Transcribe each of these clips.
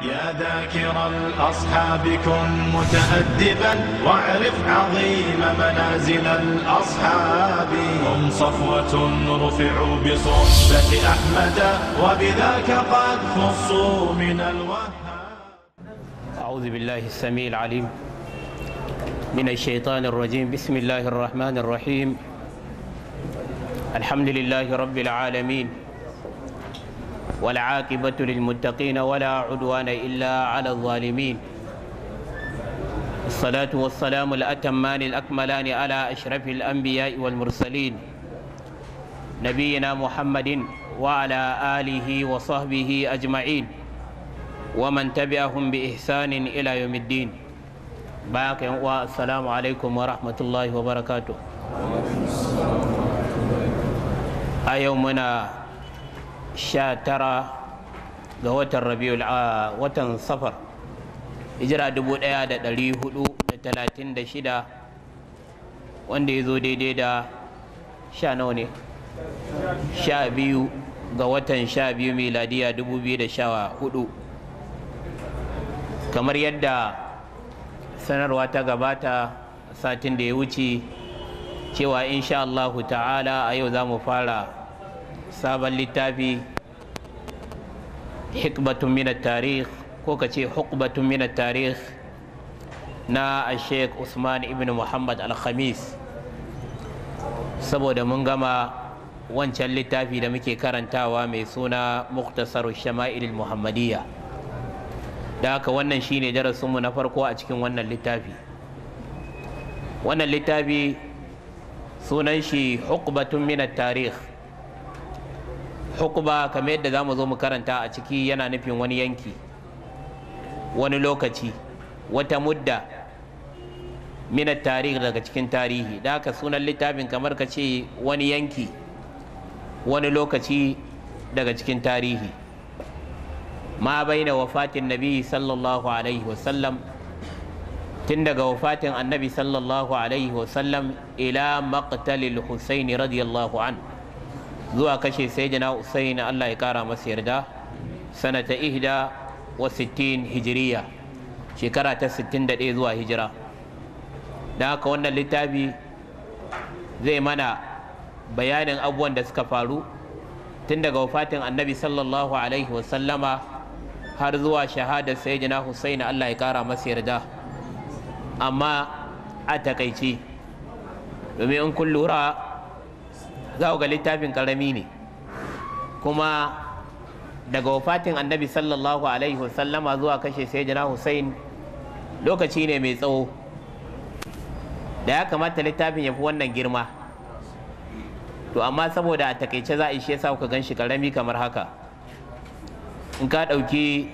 يا ذاكر الأصحاب كن متأدبا واعرف عظيم منازل الأصحاب هم صفوة رفعوا بصحبة أحمد وبذاك قد خصوا من الوهاب أعوذ بالله السميع العليم من الشيطان الرجيم بسم الله الرحمن الرحيم الحمد لله رب العالمين والعاقبة للمتقين ولا عدوان إلا على الظالمين الصلاة والسلام الأتمان الأكملان على أشرف الأنبياء والمرسلين نبينا محمد وعلى آله وصحبه أجمعين ومن تبعهم بإحسان إلى يوم الدين باك والسلام عليكم ورحمة الله وبركاته a yau muna sha tara ga watan rabiul watan safar hijira dubu ɗaya da ɗari hudu da talatin da shida wanda ya zo daidai da sha nawa ne sha biyu ga watan sha biyu miladiya dubu biyu da sha hudu kamar yadda sanarwa ta gabata satin da ya wuce cewa insha Allahu ta'ala a yau za mu fara sabon littafi hikbatun mina tarih ko ka ce hukbatun mina tarih na sheikh usman ibn muhammad al-khamis saboda mun gama wancan littafi da muke karantawa mai suna muktasar shama'il muhammadiyya da haka wannan shine darasinmu na farko a cikin wannan littafi wannan littafi sunan shi hukbatun mina tarih hukuba kamar yadda za mu zo mu karanta a ciki yana nufin wani yanki wani lokaci wata mudda minar tarihi daga cikin tarihi da haka sunan littafin kamar ka ce wani yanki wani lokaci daga cikin tarihi ma baina wafatin nabi sallallahu alaihi wasallam tun daga wafatin annabi sallallahu alaihi wasallam ila maqtalil husaini radiyallahu anhu zuwa kashe sayyidina Usaini Allah ya kara masa yarda sanata ihda wa sittin hijiriya shekara ta 61 zuwa hijira da haka wannan littafi zai mana bayanin abubuwan da suka faru tun daga wafatin annabi sallallahu alaihi wasallama har zuwa shahadar sayyidina Husaini Allah ya kara masa yarda amma a takaici domin in kun lura za ga littafin karami ne kuma daga wafatin annabi sallallahu alaihi wasallama zuwa kashe sai jana hussein lokaci ne mai tsawo da ya kamata littafin ya fi wannan girma to amma saboda a takaice za a ishe sa kuka gan shi karami kamar haka in ka ɗauki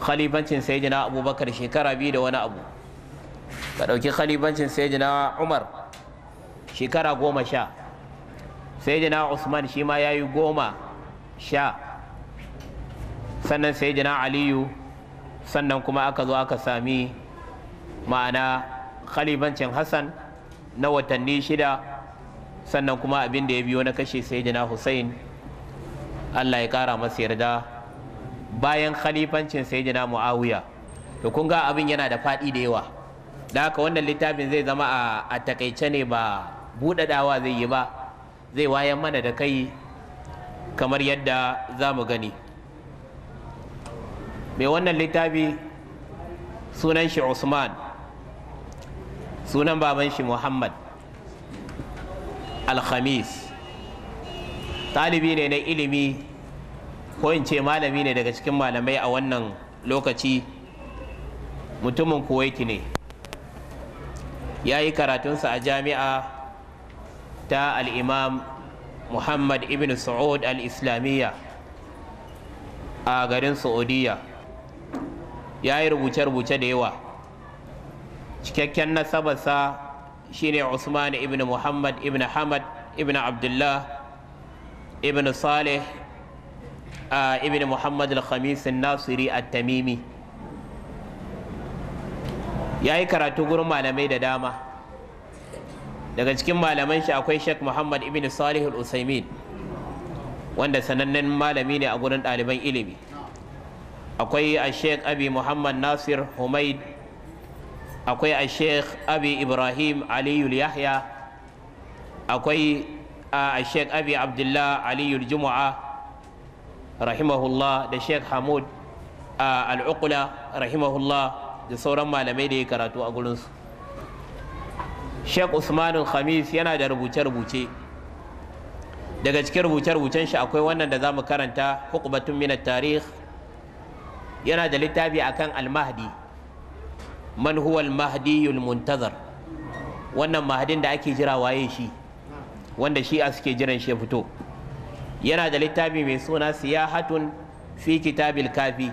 khalifancin sai jana abubakar shekara biyu da wani abu ka ɗauki khalifancin sai jana umar shekara goma sha sai jina usman shi ma ya yi goma sha sannan sai jina aliyu sannan kuma aka zo aka sami ma'ana khalifancin hassan na watanni shida sannan kuma abin da ya biyo na kashe sai jina hussein allah ya kara masa yarda bayan khalifancin sai jina mu'awiya to kun ga abin yana da faɗi da yawa da haka wannan littafin zai zama a takaice ne ba buɗaɗawa zai yi ba zai wayan mana da kai kamar yadda za mu gani mai wannan littafi sunan shi usman sunan baban shi muhammad alhamis ɗalibi ne na ilimi ko in ce malami ne daga cikin malamai a wannan lokaci mutumin kuwaiti ne ya yi karatunsa a jami'a ta al'imam muhammad ibn saud al-islamiyya a garin saudiya ya yi rubuce-rubuce da yawa cikakken nasabarsa shine usman ibn muhammad ibn hamad ibn abdullah ibn saleh ibn muhammad al-khamis nasiri at-tamimi ya yi karatu gurin malamai da dama daga cikin malaman shi akwai Sheikh Muhammad ibn Salih al-Usaimin wanda sanannen malami ne a gurin ɗaliban ilimi akwai a Sheikh Abi Muhammad Nasir Humaid akwai a Sheikh Abi Ibrahim Aliyul Yahya akwai a Sheikh Abi Abdullah Aliyul Jumu'a rahimahullah da Sheikh Hamud Al-Uqla rahimahullah da sauran malamai da ya karatu a gurinsu Sheikh Usmanul Khamis yana da rubuce-rubuce daga cikin rubuce-rubucen shi akwai wannan da zamu karanta hukubatun minat tarih yana da littafi akan al-mahdi man huwa al muntazar wannan mahadin da ake jira waye shi wanda shi a suke jiran shi fito yana da littafi mai suna siyahatun fi kitabil kafi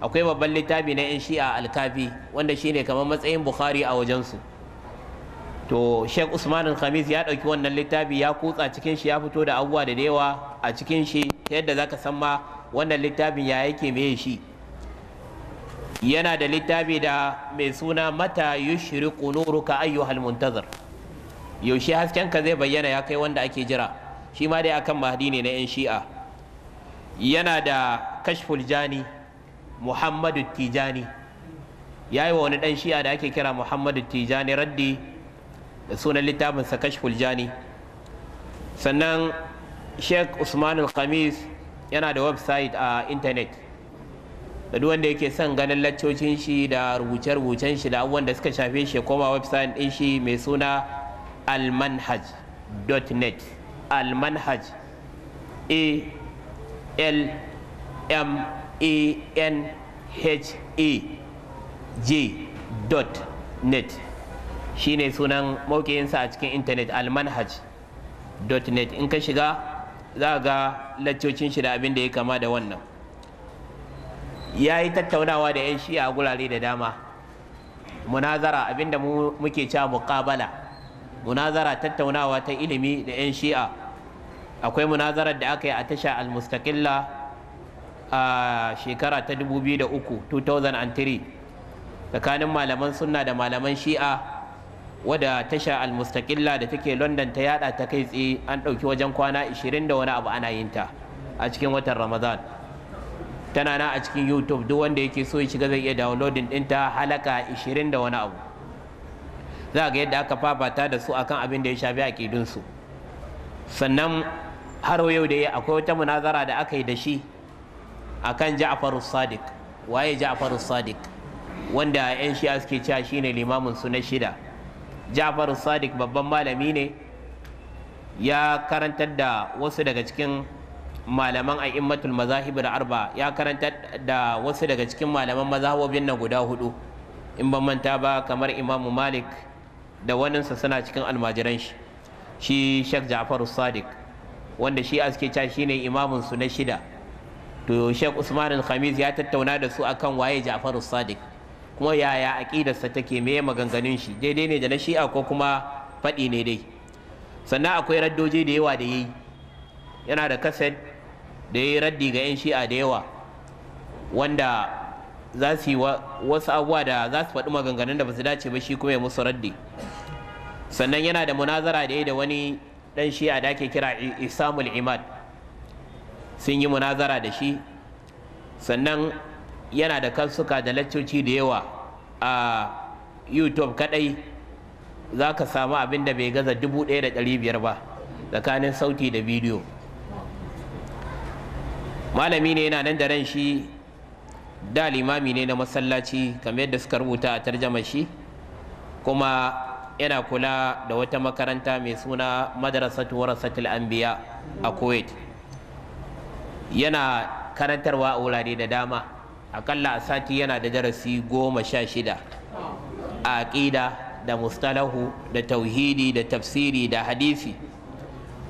akwai babban littafi na yan shi'a al-kafi wanda shine kamar matsayin bukhari a wajensu su to sheikh Usman khamis ya ɗauki wannan littafi ya kutsa cikin shi ya fito da abubuwa da yawa a cikin shi yadda zaka san ma wannan littafin ya yake meye shi yana da littafi da mai suna mata yushriqu nuruka ayyuhal muntazir yaushe ka zai bayyana ya kai wanda ake jira shi ma dai akan mahdi ne na yan shi'a yana da kashful jani muhammadu tijani ya yi wa wani dan shi'a da ake kira muhammadu tijani raddi da sunan littafin sa kashful jani sannan sheikh usman khamis yana da website a intanet da duk wanda yake son ganin laccocin shi da rubuce-rubucen shi da abubuwan da suka shafe shi koma website din shi mai suna almanhaj.net almanhaj a l m a n h a g dot net shine sunan mawukiyinsa a cikin intanet almanhaj.net in ka shiga za ga laccocin shi da abin da ya kama da wannan ya yi tattaunawa da 'yan shi'a a gurare da dama munazara abinda muke cewa muqabala munazara tattaunawa ta ilimi da 'yan shi'a akwai munazarar da aka yi a tasha al-mustaqilla a shekara ta 2003 tsakanin malaman sunna da malaman shi'a wadda tasha almustakilla da take london ta yada ta kai tsaye an ɗauki wajen kwana 20 da wani abu ana yin ta a cikin watan ramadan tana na a cikin youtube duk wanda yake so ya shiga zai iya downloading ta halaka 20 da wani abu za ga yadda aka fafata da su akan abin da ya shafi su sannan har yau da yi akwai wata munazara da aka yi da shi akan ja'farus sadiq waye ja'farus sadiq wanda 'yan shi'a suke cewa shine limamin su na shida ja'far sadiq babban malami ne ya karantar da wasu daga cikin malaman a'immatul mazahibul arba ya karantar da wasu daga cikin malaman mazhabobin na guda hudu in ban manta ba kamar imamu malik da waninsa suna cikin almajiran shi shi shek ja'far sadiq wanda shi aske ca shine imamin su na shida to shek usman al-khamis ya tattauna da su akan waye ja'far sadiq kuma yaya aƙidarsa take me maganganun shi daidai ne da na shi'a ko kuma faɗi ne dai sannan akwai raddoji da yawa da yi yana da kaset da ya raddi ga 'yan shi'a da yawa wanda za su yi wasu abubuwa da za su faɗi maganganun da ba su dace ba shi kuma ya musu raddi sannan yana da munazara da ya da wani ɗan shi'a da ake kira isamul imad sun yi munazara da shi sannan yana da kansuka da laccoci da yawa a youtube kadai za ka samu abin da bai gaza 1,500 ba tsakanin sauti da bidiyo malami ne yana nan da ran shi da limami ne na masallaci kamar yadda suka rubuta a tarjama shi kuma yana kula da wata makaranta mai suna madrasatu an biya a kuwait yana karantarwa a wurare da dama akalla a sati yana da darasi goma sha shida a aƙida da mustalahu da tauhidi da tafsiri da hadisi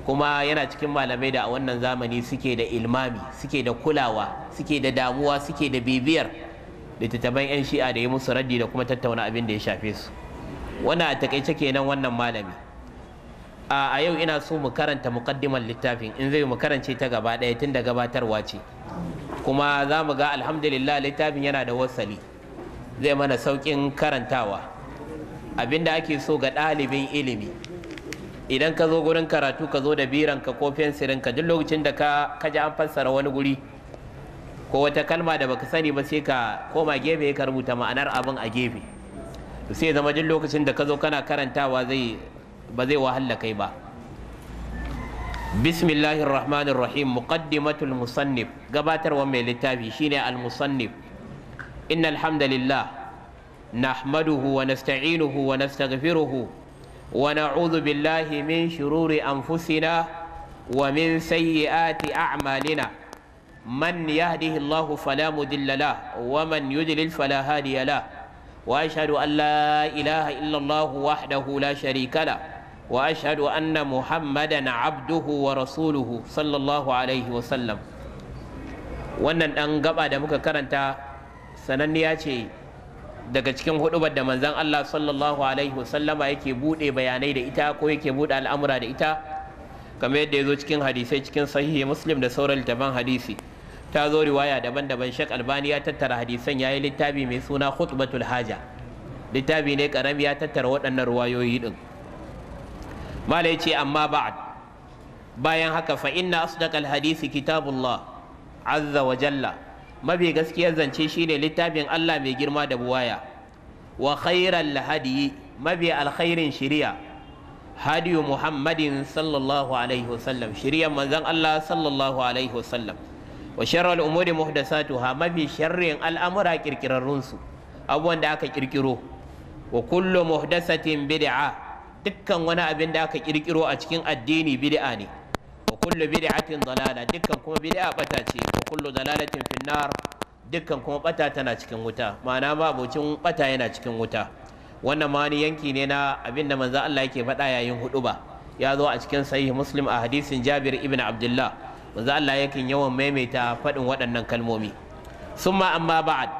kuma yana cikin malamai da a wannan zamani suke da ilmami suke da kulawa suke da damuwa suke da bibiyar littattafan 'yan shi'a da yi musu raddi da kuma tattauna abin da ya shafe su Wani a takaice kenan wannan malami a yau ina so mu karanta muƙaddimar littafin in zai mu karance ta gaba ɗaya tun da gabatarwa ce kuma za mu ga alhamdulillah littafin yana da wasali zai mana saukin karantawa abinda ake so ga ɗalibin ilimi idan ka zo gurin karatu ka zo da biranka ko fensirinka duk lokacin da ka ji an fassara wani guri ko wata kalma da baka sani ba sai ka koma gefe ka rubuta ma'anar abin a gefe sai zama duk lokacin da ka zo kana karantawa ba zai wahala kai ba bismillahir rahmanir rahim muqaddimatul musannif gabatarwa mai littafi shine al musannif innal hamdalillah nahmaduhu wa nasta'inuhu wa nastaghfiruhu wa na'udhu billahi min shururi anfusina wa min sayyiati a'malina man yahdihillahu fala mudilla lahu wa man yudlil fala hadiya lahu wa ashhadu an la ilaha illallah wahdahu la sharika lahu واشهد ان محمدا عبده ورسوله صلى الله عليه وسلم wannan dan gaba da muka karanta sananniya ce daga cikin hudubar da manzon Allah sallallahu alaihi wasallama yake bude bayanai da ita ko yake bude al'amura da ita kamar yadda ya zo cikin hadisai cikin sahihi muslim da sauran littafan hadisi ta zo riwaya daban-daban shek albani ya tattara hadisan ya yi littafi mai suna khutbatul haja littafi ne karami ya tattara waɗannan ruwayoyi din mala ce amma ba'ad bayan haka fa inna asdaqal hadisi kitabullah azza wa jalla mabi gaskiyar zance shine littafin Allah mai girma da buwaya wa khairal hadi mabi alkhairin shari'a hadiyu muhammadin sallallahu alaihi wasallam shirya manzan Allah sallallahu alaihi wasallam wa sharral umuri muhdathatuha mabi sharrin al'amura kirkirarrunsu abubuwan da aka kirkiro wa kullu muhdathatin bid'a dukkan wani abin da aka kirkiro a cikin addini bid'a ne wa kullu bid'atin dalala dukkan kuma bid'a bata ce wa kullu dalalatin finnar dukkan kuma bata tana cikin wuta ma'ana ma abocin bata yana cikin wuta wannan ma wani yanki ne na abin da manzo Allah yake faɗa yayin huduba ya zo a cikin sahih muslim a hadisin Jabir ibn Abdullah manzo Allah yakin yawan maimaita faɗin waɗannan kalmomi summa amma ba'ad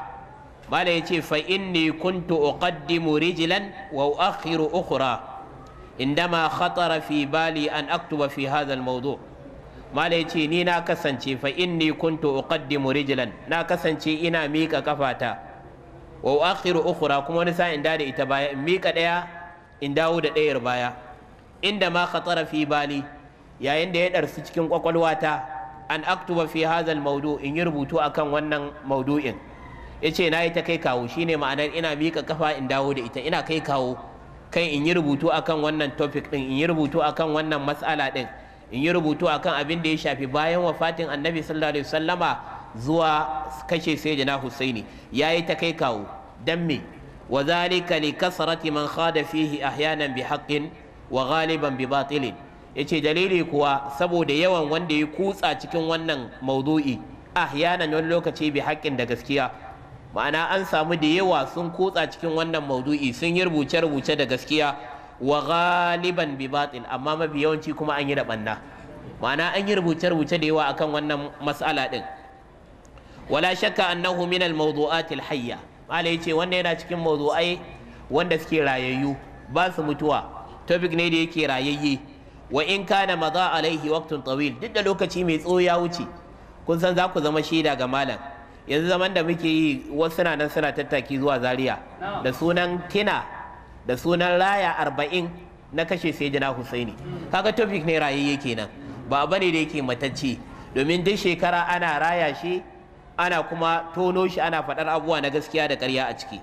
mala yace fa inni kuntu uqaddimu rijlan wa uakhiru ukhra indama khatara fi bali an aktuba fi hadha al-mawdu malai ce ni na kasance fa inni kuntu uqaddimu rijlan na kasance ina mika kafata wa uakhiru ukhra kuma wani sa'in da ita baya in mika daya in dawo da dayar baya inda ma khatara fi bali yayin da ya darsu cikin kwakwalwata an aktuba fi hadha al in yi rubutu akan wannan maudu'in yace na yi ta kai kawo shine ma'anar ina mika kafa in dawo da ita ina kai kawo kai in yi rubutu akan wannan topic din in yi rubutu akan wannan matsala din in yi rubutu akan abin da ya shafi bayan wafatin annabi sallallahu alaihi wasallama zuwa kashe sayyidina husaini yayi ta kai kawo dan me wa zalika li kasrati man khada fihi ahyanan bi haqqin wa ghaliban bi batilin yace dalili kuwa saboda yawan wanda ya kutsa cikin wannan maudu'i ahyanan wani lokaci bi haqqin da gaskiya ma'ana an samu da yawa sun kotsa cikin wannan maudu'i sun yi rubuce-rubuce da gaskiya wa galiban bi batil amma mafi yawanci kuma an yi da banna ma'ana an yi rubuce-rubuce da yawa akan wannan mas'ala din wala shakka annahu min al mawdu'at al hayya mala yace wannan yana cikin mawdu'ai wanda suke rayayyu ba su mutuwa topic ne da yake rayayye wa in kana maza alaihi waqtun tawil duk da lokaci mai ya wuce kun san za ku zama shaida ga malam yanzu zaman da muke yi wasu na nan suna tattaki zuwa zaria da sunan tina da sunan raya arba'in na kashe sai jina husaini hmm. kaga topic ne rayayye kenan ba ba ne da yake matacce domin duk shekara ana raya shi ana kuma tono shi ana faɗar abubuwa na gaskiya da karya a ciki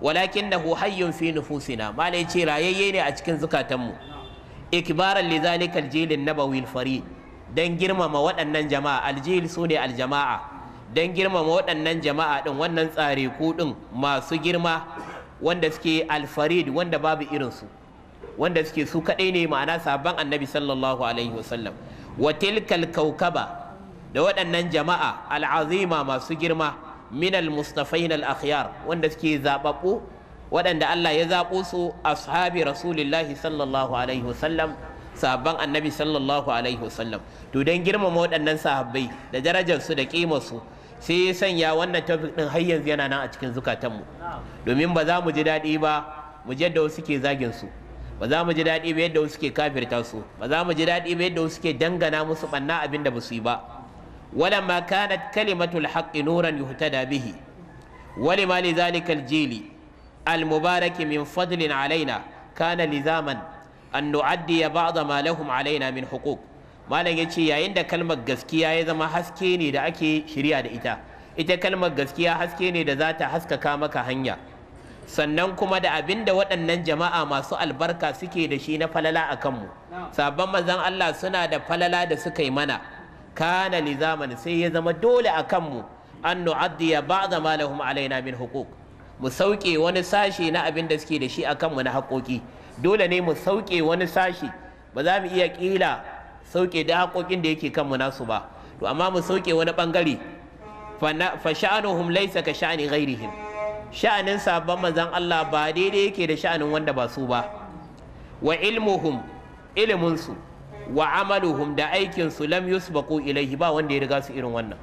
walakin da hayyun fi nufusina malai ce rayayye ne a cikin zukatanmu mu. li zalika aljilin na farid dan girmama waɗannan jama'a aljil su ne aljama'a don girmama waɗannan jama'a ɗin wannan tsari kuɗin masu girma wanda suke alfarid wanda babu irinsu wanda suke su kaɗai ne ma'ana sabon annabi sallallahu alaihi wasallam wa tilkal kaukaba da waɗannan jama'a al'azima masu girma minal mustafain al akhyar wanda suke zaɓaɓɓu waɗanda Allah ya zaɓo su ashabi rasulillahi sallallahu alaihi wasallam sahabban annabi sallallahu alaihi wasallam to don girmama waɗannan sahabbai da darajarsu da ƙimarsu sai ya sanya wannan topic ɗin har yanzu yana nan a cikin zukatanmu domin ba za mu ji daɗi ba mu ji yadda wasu ke zagin su ba za mu ji daɗi ba yadda wasu ke kafirta su ba za mu ji daɗi ba yadda wasu ke dangana musu ɓanna abin da ba su yi ba wala ma kanat kalimatul haqqi nuran yuhtada bihi wali ma li zalika al-jili min fadlin alaina kana lizaman an nu'addiya ba'da ma lahum alaina min huquq malam ya ce yayin da kalmar gaskiya ya zama haske ne da ake shirya da ita ita kalmar gaskiya haske ne da za ta haskaka maka hanya sannan kuma da abin da waɗannan jama'a masu albarka suke da shi na falala a kanmu sabon mazan Allah suna da falala da suka yi mana kana li zamani sai ya zama dole a kanmu an nu'addiya ba'da ma lahum alaina min huquq mu sauke wani sashe na abin da suke da shi a kanmu na haƙoƙi dole ne mu sauke wani sashe ba za mu iya ƙila sauke da haƙoƙin da yake kanmu nasu ba to amma mu sauke wani bangare fa sha'anuhum laysa ka sha'ani ghairihim sha'anin sabon manzon Allah ba daidai yake da sha'anin wanda ba su ba wa ilmuhum ilimin su wa amaluhum da aikin su lam yusbaqu ilayhi ba wanda ya riga su irin wannan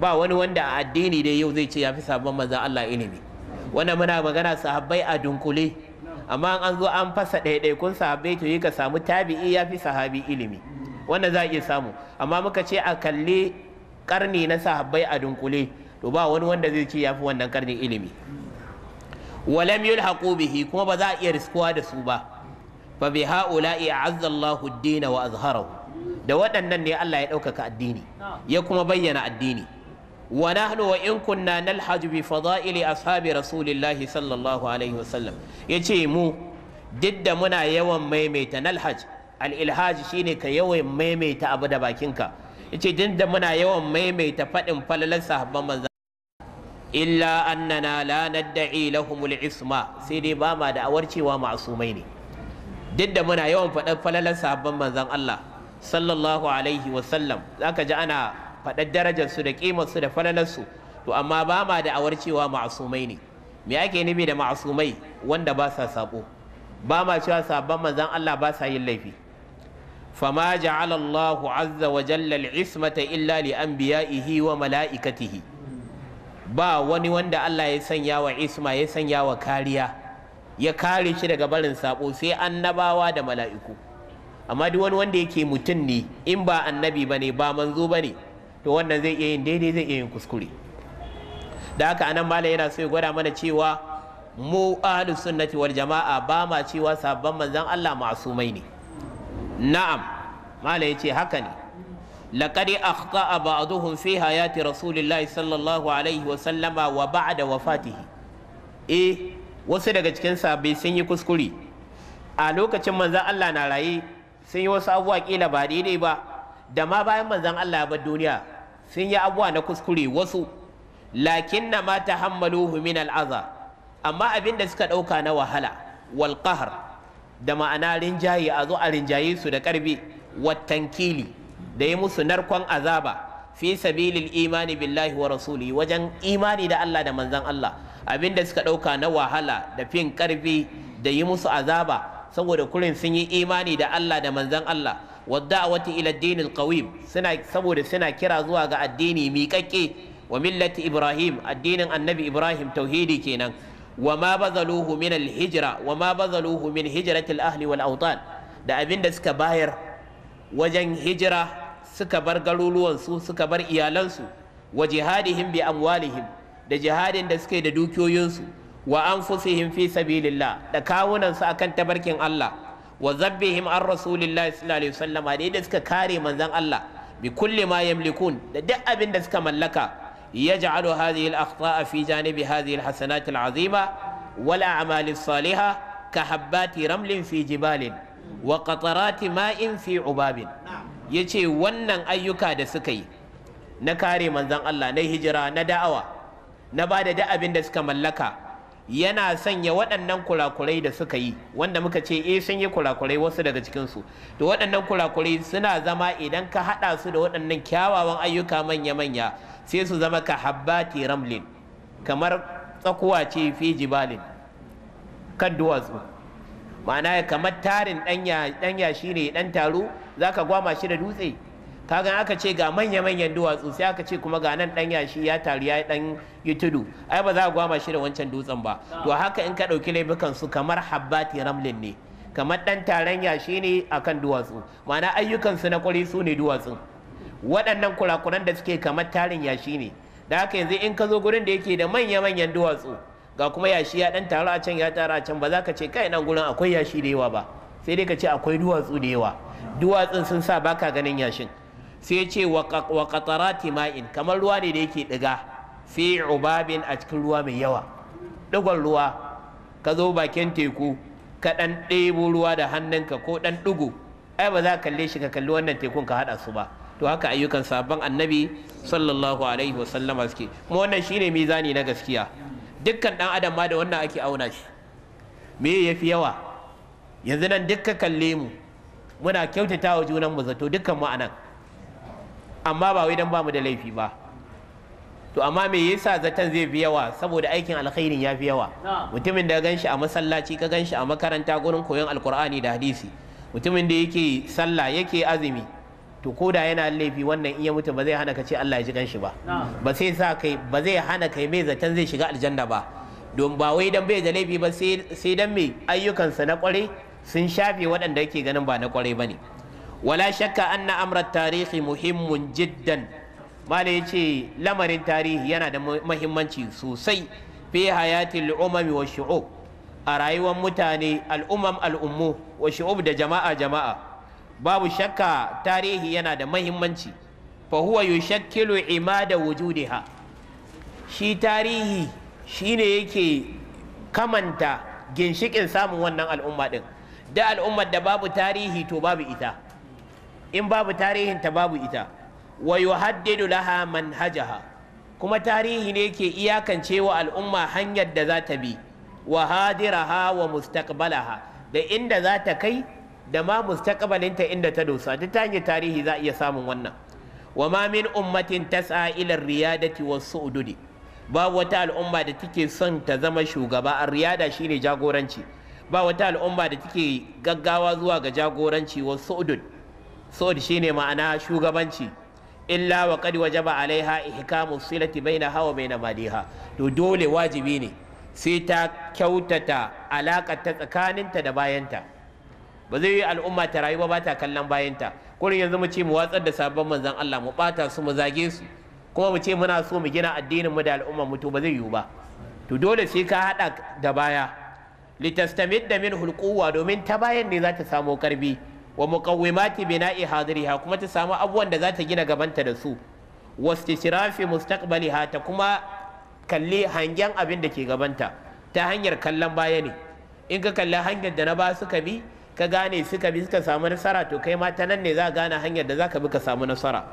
ba wani wanda a addini da yau zai ce ya fi sabon manzon Allah ilimi wannan muna magana sahabbai a dunkule amma an zo an fasa ɗaiɗaikun sahabbai to yi ka samu tabi'i ya fi sahabi ilimi wanda za a iya samu amma muka ce a kalli karni na sahabbai a dunkule to ba wani wanda zai ce ya fi wannan karni ilimi walam yulhaqu bihi kuma ba za a iya riskuwa da su ba fa bi haula'i azza Allahu ad-din wa azharahu da waɗannan ne Allah ya ɗaukaka addini ya kuma bayyana addini wa nahnu wa in kunna nalhaju bi fada'ili ashabi rasulillahi sallallahu alaihi wasallam yace mu duk da muna yawan maimaita nalhaj al-ilhaji shine ka yawan maimaita abu da bakinka yace din da muna yawan maimaita faɗin falalan sahabban manzo illa annana la nadda'i lahumul isma sai dai ba ma da awarcewa ma'asumai ne duk da muna yawan faɗar falalan sahabban manzon Allah sallallahu alaihi wa sallam zaka ji ana faɗar darajar su da kimar su da falalan su to amma ba ma da awarcewa ma'asumai ne me ake nufi da ma'asumai wanda ba sa sabo ba ma cewa sabon manzan Allah ba sa yin laifi fama ja'ala Allahu azza wa jalla al-ismata illa li anbiya'ihi wa mala'ikatihi ba wani wanda Allah ya sanya wa isma ya sanya wa kariya ya kare shi daga barin sabo sai annabawa da mala'iku amma duk wani wanda yake mutum ne in ba annabi bane ba manzo bane to wannan zai iya yin daidai zai iya yin kuskure da haka anan malam yana so ya gwada mana cewa mu ahlus sunnati wal jama'a ba ma cewa sabban manzon Allah masumai ne na'am mala ya ce haka ne laƙari ba a ba'aduhun fi hayati rasulillahi sallallahu alaihi wa sallama wa ba'da wafatihi eh wasu daga cikin sabai sun yi kuskure a lokacin manzan Allah na raye sun yi wasu abubuwa kila ba daidai ba da ma bayan manzan Allah ba duniya sun yi abubuwa na kuskure wasu lakin na ma ta hammaluhu min al'aza amma abin da suka ɗauka na wahala wal qahar da ma'ana rinjaye a zo a rinjaye su da karbi watankili da yi musu narkon azaba fi sabilil imani billahi wa rasuli wajen imani da Allah da manzan Allah abinda suka ɗauka na wahala da fin karfi da yi musu azaba saboda kurin sun yi imani da Allah da manzan Allah wadda'awati ila addinil qawim suna saboda suna kira zuwa ga addini miƙaƙƙe wa millati ibrahim addinin annabi ibrahim tauhidi kenan wa ma bazaluhu min al-hijra ahli wal da abin da suka bayar wajen hijira suka bar garuruwansu suka bar iyalansu wa jihadihim bi amwalihim da jihadin da suke da dukiyoyinsu wa anfusihim fi sabilillah da kawunansu akan tabarkin Allah wa zabbihim an rasulillahi sallallahu alaihi wasallam da suka kare manzon Allah bi kulli ma yamlikun da duk abin da suka mallaka يجعل هذه الأخطاء في جانب هذه الحسنات العظيمة والأعمال الصالحة كحبات رمل في جبال وقطرات ماء في عباب يجي ونن أيوكا دسكي نكاري منزان الله نهجرا ندعوة نبادة دعب دسك ملكا yana sanya waɗannan kurakurai da suka yi wanda muka ce eh sun yi kurakurai wasu daga cikinsu to waɗannan kurakurai suna zama idan ka haɗa su da waɗannan kyawawan ayyuka manya-manya sai su zama ka habbati ramlin kamar tsakuwa ce fi jibalin kan duwatsu ma'ana kamar tarin ɗanya shi ne ɗan taro za ka gwama shi da dutse kaga aka ce ga manya-manyan duwatsu sai aka ce kuma ga nan dan yashi ya tari ya dan yi tudu ai ba za a gwama shi da wancan dutsen ba to haka in ka ɗauki laifukan su kamar habbati ramlin ne kamar dan taron yashi ne akan duwatsu ma'ana ayyukan su na kwari su ne duwatsun waɗannan kurakuran da suke kamar tarin yashi ne da haka yanzu in ka zo gurin da yake da manya-manyan duwatsu ga kuma yashi ya dan taru a can ya taru a can ba za ka ce kai nan gurin akwai yashi da yawa ba sai dai ka ce akwai duwatsu da yawa duwatsun sun sa baka ganin yashin sai ya ce wa qatarati ma'in kamar ruwa ne da yake diga fi ubabin a cikin ruwa mai yawa digon ruwa ka zo bakin teku ka dan ɗebo ruwa da hannunka ko dan ɗigo ai ba za ka kalle shi ka kalli wannan tekun ka haɗa su ba to haka ayyukan sabon annabi sallallahu alaihi wa sallama suke kuma wannan shine mizani na gaskiya dukkan dan adam ma da wannan ake auna shi me yafi yawa yanzu nan dukka kalle mu muna kyautata wa junan mu zato dukkan ma'anan. amma ba wai dan ba mu da laifi ba to amma me yasa zaton zai fi yawa saboda aikin alkhairin ya fi yawa mutumin da ganshi a masallaci ka ganshi a makaranta gurin koyon alkur'ani da hadisi mutumin da yake sallah yake azumi to ko da yana laifi wannan in ya mutu ba zai hana ka ce Allah ya ji ganshi ba ba sai sa kai ba zai hana kai mai zaton zai shiga aljanna ba don ba wai dan bai da laifi ba sai dan me ayyukansa na kware sun shafe waɗanda yake ganin ba na kware bane ne wala shakka anna amra tarihi muhimmin jiddan malai yace lamarin tarihi yana da mahimmanci sosai fi hayatil umami wa shu'ub a rayuwar mutane al'umam al'ummu wa shu'ub da jama'a jama'a babu shakka tarihi yana da mahimmanci fa huwa da imada wujudiha shi tarihi shi ne yake kamanta ginshikin samun wannan al'umma ɗin, da al'ummar da babu tarihi to babu ita in babu tarihin ta babu ita wa yuhaddidu laha manhajaha kuma tarihi ne ke iyakance wa al'umma hanyar da za ta bi wa hadiraha wa mustaqbalaha da inda za ta kai da ma mustaqbalinta inda ta dosa duk ta hanyar tarihi za a iya samun wannan wa ma min ummatin tas'a ila riyadati was su'ududi ba wata al'umma da take son ta zama shugaba a riyada shine jagoranci ba wata al'umma da take gaggawa zuwa ga jagoranci was su'udud sod shine ma'ana shugabanci illa wa qad wajaba alaiha ihkamu silati baina hawa baina maliha to dole wajibi ne sai ta kyautata alaƙar ta tsakaninta da bayanta ba zai yi al'umma ta rayuwa ba ta kallon bayanta kurin yanzu mu ce mu watsar da sabon manzan Allah mu ɓata su mu zage su kuma mu ce muna so mu gina addinin mu da al'umma mu to ba zai yiwu ba to dole sai ka haɗa da baya litastamid da min hulquwa domin ta bayan ne za ta samo karbi wa muqawwimati bina'i hadiriha kuma ta samu abubuwan da za ta gina gabanta da su wastishrafi mustaqbaliha ta kuma kalli hangen abin da ke gabanta ta hanyar kallon baya ne in ka kalli hanyar da na ba suka bi ka gane suka bi suka samu nasara to kai ma ta nan ne za gane hanyar da za ka bi ka samu nasara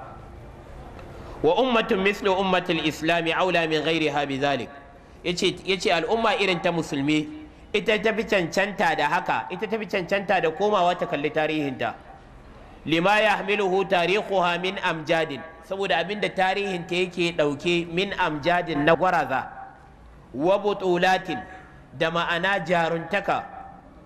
wa ummatun mislu ummatul islami aula min ghairiha bi zalik yace yace al'umma irin ta musulmi ita ta fi cancanta da haka ita ta fi cancanta da komawa ta kalli tarihinta lima ya hamiluhu tarihuha min amjadin saboda abin da tarihinta yake ɗauke min amjadin na gwaraza wa butulatin da ma'ana jaruntaka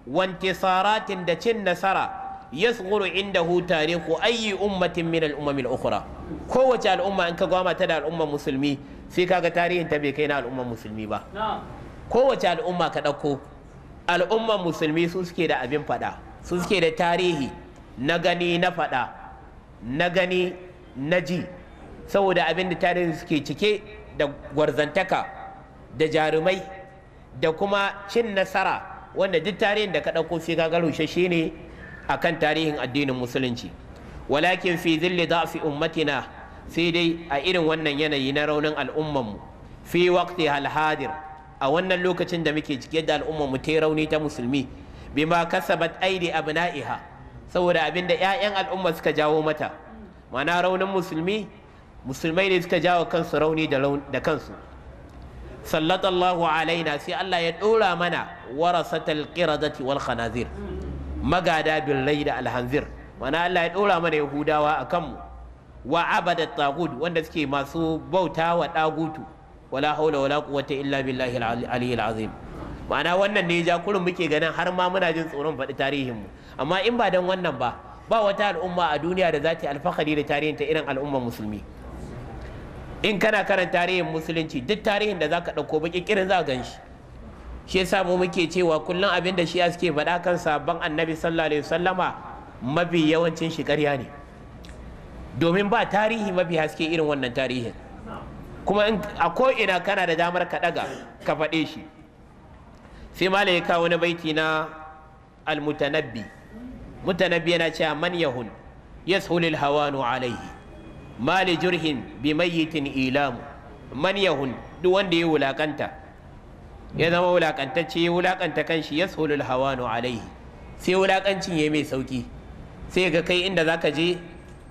wantisaratin da cin nasara yasghuru indahu tarihu ayi ummatin min al-umamil ukhra kowace al'umma in ka gwama ta da al'umman musulmi sai kaga tarihinta bai kai na al'umman musulmi ba kowace al'umma ka ɗauko al'umman musulmi su suke da abin faɗa su suke da tarihi na gani na faɗa na gani na ji saboda abin da tarihi suke cike da gwarzantaka da jarumai da kuma cin nasara wanda duk tarihin da ka ɗauko sai ka rushe shi ne a kan tarihin addinin musulunci walakin fi zilli za fi ummatina sai dai a irin wannan yanayi na raunin al'ummanmu fi waqti halhadir a wannan lokacin da muke cike da al'umma mu ta rauni ta musulmi bima kasabat aidi abna'iha saboda abin da 'ya'yan al'umma suka jawo mata mana raunin musulmi musulmai ne suka jawo kansu rauni da kansu sallallahu alaina sai Allah ya dora mana warasatal qiradati wal khanazir magada birrai da alhanzir mana Allah ya dora mana yahudawa akan mu wa abada tagut wanda suke masu bauta wa dagutu wala haula wala quwwata illa billahi al-aliyyil azim ma'ana wannan ne ja kurin muke ganin har ma muna jin tsoron faɗi tarihin mu amma in ba dan wannan ba ba wata al'umma a duniya da za ta alfahari da tarihin ta irin al'ummar musulmi in kana karan tarihin musulunci duk tarihin da zaka ɗauko baki kirin za gan shi shi yasa mu muke cewa kullum abin da shi suke faɗa kan sabon annabi sallallahu alaihi wasallama mafi yawancin shi ƙarya ne domin ba tarihi mafi haske irin wannan tarihin kuma a ko'ina kana da damar ka ɗaga ka faɗe shi sai malam ya kawo wani baiti na almutanabbi mutanabbi yana cewa man yahun yashulu alhawanu alaihi mali jurhin bi mayyitin ilamu man yahun duk wanda ya wulakanta ya zama wulakantacce ya wulakanta kanshi yashulu alhawanu alaihi sai wulakancin ya mai sauki sai ga kai inda zaka je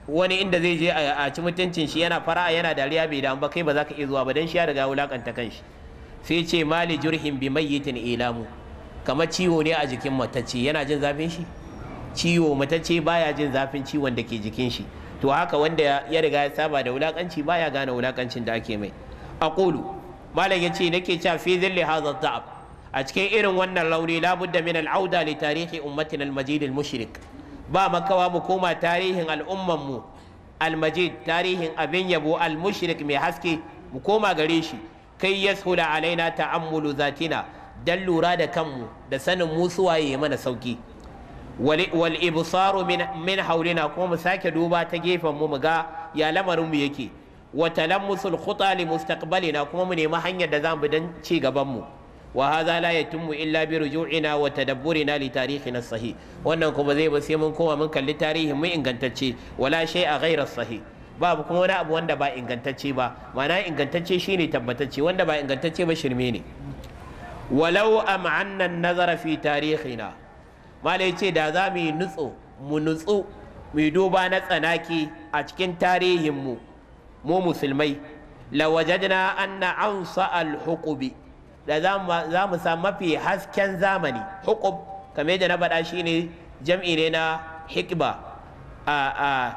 wani inda zai je a ci mutuncin shi yana fara'a yana dariya bai damu ba kai ba za ka iya zuwa ba don shi ya riga wulakanta kanshi sai ce mali jurhin bi mayyitin ilamu kamar ciwo ne a jikin matacce yana jin zafin shi ciwo matacce baya jin zafin ciwon da ke jikin shi to haka wanda ya riga ya saba da wulakanci baya gane wulakancin da ake mai a kulu malam ya ce nake cewa fi zilli hadha da'ab a cikin irin wannan launi labudda min al'auda li tarihi ummatina al-majid al-mushrik ba makawa mu koma tarihin mu almajid tarihin abin yabo almushrik mai haske mu koma gare shi kai yashula alaina ta'ammulu zatina dan lura da kanmu da sanin mu waye mana sauki wal ibsaru min haulina kuma mu sake duba ta gefen mu ga ya lamarin mu yake wa talammusul khuta li mustaqbalina kuma mu nemi hanyar da zamu dan ci gaban mu ya illa وهذا لا يتم na برجوعنا tarihi na sahi. wannan kuma zai ba sai mun koma mun kalli tarihin mu ingantacce wala shai a ghairar sahi. babu kuma wani abu wanda ba ingantacce ba ma'ana ingantacce shine tabbatacce wanda ba ingantacce ba shirme ne walau am'anna nazara fi tarihina malai ce da za mu yi nutso mu nutsu mu duba na tsanaki a cikin tarihin mu mu musulmai lawajadna anna ansa al-huqubi da za mu samu mafi hasken zamani Hukum kamar yadda na faɗa ne jam'i ne na hikba a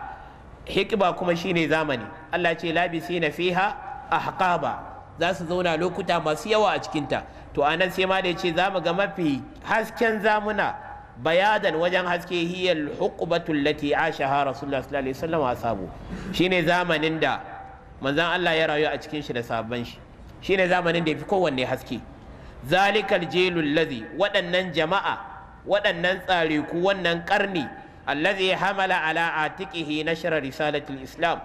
hikba kuma shine zamani Allah ce labisi na fiha haƙaba za su zauna lokuta masu yawa a cikinta to anan sai ma da ya ce za mu ga mafi hasken zamuna bayadan wajen haske hiyar hukubatul lati shaharar rasulullah sallallahu alaihi wasallam asabu shine zamanin da manzon Allah ya rayu a cikin shi da sabon shi shine zamanin da ya fi kowanne haske zalikal jelul lazi waɗannan jama'a waɗannan tsariku wannan ƙarni allazi hamala ala atiqihi nashra risalatul islam